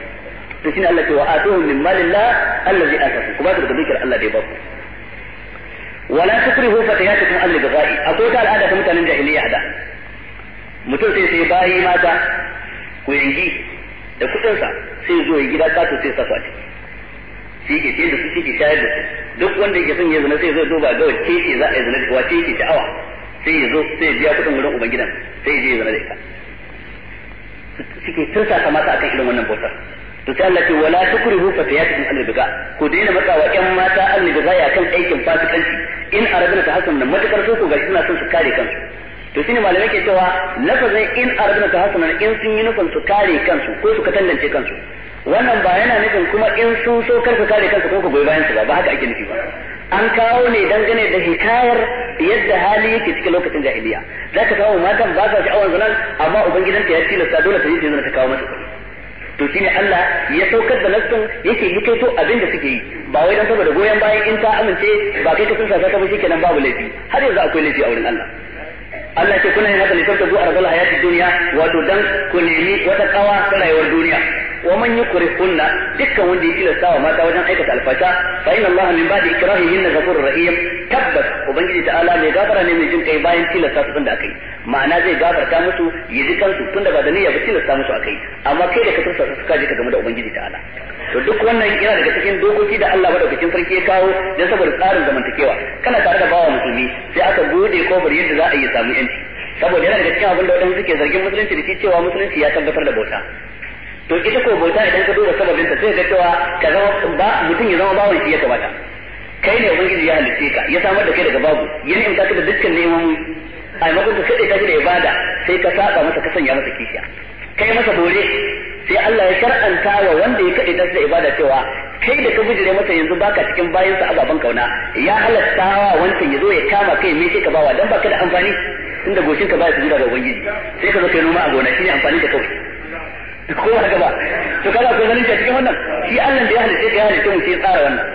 to shine Allah ke wa atuhu min malillah allazi ataku ku ba su daga dukiyar Allah da ya ba ku wala tukrihu fatayatukum al ghai akwai ta al'ada ta mutanen jahiliya da mutum sai sai bayi mata ku yangi da kudin sa sai zo ya gida kato sai safa ce shi ke ce da su shi ke shayar da su duk wanda yake son ya zina sai zai duba ga wacce ce za a zina da wacce yake sha'awa sai ya zo sai ya biya kudin wurin uban gidan sai ya je ya zina da ita suke tursa kamata akan irin wannan bautar to sai Allah ce wala tukrihu fatayatikum an riba ku daina matsawa ƴan mata an riba ya kan aikin fasikanci in aradna ta hasan nan matakar so ko gashi suna son su kare kansu to shine malamai ke cewa lafazin in aradna ta hasan in sun yi nufin su kare kansu ko su katallance kansu wannan ba yana nufin kuma in sun so kar su kare kansu ko ku goyi bayan su ba ba haka ake nufi ba an kawo ne dangane da hikayar yadda hali yake cikin lokacin jahiliya ka kawo matan ba sa sha'awar zanan amma ubangidanta ya tilasta dole ta yi zina ta kawo mata kuɗi to shine Allah ya saukar da nassin yake to abin da suke yi ba wai dan saboda goyon bayan in ta amince ba kai ka sunsa ka ba shikenan babu laifi har yanzu akwai laifi a wurin Allah Allah ce kuna yin haka ne saboda zuwa rabbul hayatid dunya wato dan ku nemi wata kawa ta rayuwar duniya Koman man yukrihunna dukkan wanda ya tilasta wa mata wajen aikata alfasha fa inna Allah min ba'di ikrahihinna ghafurur rahim tabbas ubangiji ala mai gafara ne mai jin kai bayan tilasta su da akai ma'ana zai gafarta musu ya ji kansu tunda ba da niyya ba tilasta musu akai amma kai da ka tursa su ka je ka game da ubangiji ta'ala to duk wannan yana daga cikin dokoki da Allah madaukakin sarki ya kawo dan saboda tsarin zamantakewa kana tare da bawa musulmi sai aka bude kofar yadda za a yi samu yanci saboda yana daga cikin abin da wadanda suke zargin musulunci da shi cewa musulunci ya tabbatar da bauta to ita ko bauta idan ka dora sababin ta sai ka cewa ka zama ba mutum ya zama bawon shi ya kamata kai ne ubangiji ya halitte ka ya samar da kai daga babu yin in ka da dukkan neman a maimakon ka kaɗe ka da ibada sai ka saba masa ka sanya masa kishiya kai masa bore sai Allah ya shar'anta wa wanda ya kaɗe ta da ibada cewa kai da ka bijire masa yanzu baka cikin bayan sa ababen kauna ya halatta wa wancan ya zo ya kama kai me sai ka bawa dan baka da amfani inda goshin ka ba su jira ga ubangiji sai ka zo kai noma a gona shine amfani da kawai ko ba ka ba to kaga akwai zalunci a cikin wannan shi Allah da ya halice ya halice mu sai tsara wannan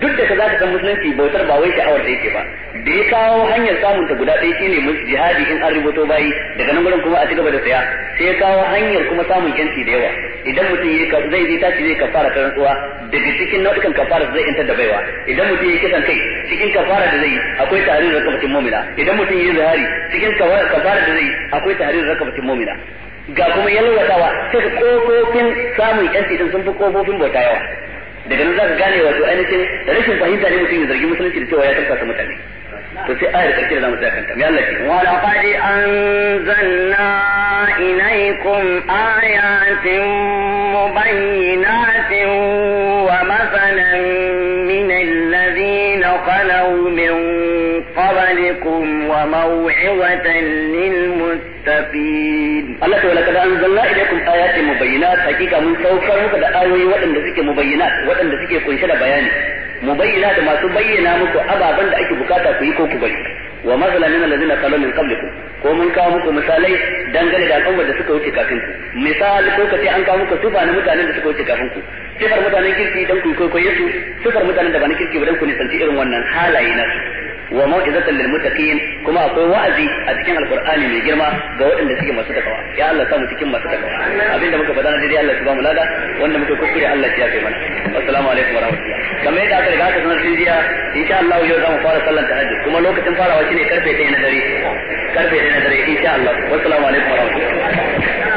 duk da ka za ka san musulunci bautar ba wai sha'awar da yake ba da ya kawo hanyar samun ta guda ɗaya shine jihadi in an rubuto bayi daga nan gurin kuma a cigaba da saya sai ya kawo hanyar kuma samun yanci da yawa idan mutum ya zai zai tashi zai kafara karan tsuwa daga cikin nau'ikan kafara zai yantar da baiwa idan mutum ya kisan kai cikin kafara da zai akwai tahrir rakabatin mu'mina idan mutum ya zahari cikin kafara da zai akwai tahrir rakabatin mu'mina ga kuma yalwatawa sai ka kofofin samun yanci din sun fi kofofin bauta yawa daga nan za ka gane wato ainihin rashin fahimta ne mutum ya zargi musulunci da cewa ya tafasa mutane to sai ayar karshe da zamu tsaya kanta mai Allah ce wa laqad anzalna ilaykum ayatin mubayyinatin wa masalan min alladhina khalaw min قبلكم وموعظة للمتقين الله تعالى قد أنزلنا إليكم آيات مبينات حقيقة من سوكر مكدا آيوي وأن ذكي مبينات وأن ذكي كنشد بياني مبينات ما تبين مكو أبا بند أيك بكاتا كيكو كبري ومثلا من الذين قالوا من قبلكم ko mun kawo muku misalai dangane da al'ummar da suka wuce kafin ku misal ko kace an kawo muku tufa na mutanen da suka wuce kafin ku sifar mutanen kirki dan ku koyi su sifar mutanen da ba na kirki ba dan ku nisanci irin wannan halaye na su wa mau'izatan lil muttaqin kuma akwai wa'azi a cikin alqur'ani mai girma ga waɗanda suke masu takawa ya Allah sa mu cikin masu takawa abinda muka faɗa na dai Allah ya ba mu lada wanda muka kuskure Allah ya kai mana assalamu alaikum warahmatullah kamar yadda aka riga aka sanar jiya insha Allah yau za mu fara sallar tahajjud kuma lokacin farawa shine karfe 1 na dare karfe da dare insha Allah wassalamu alaikum warahmatullahi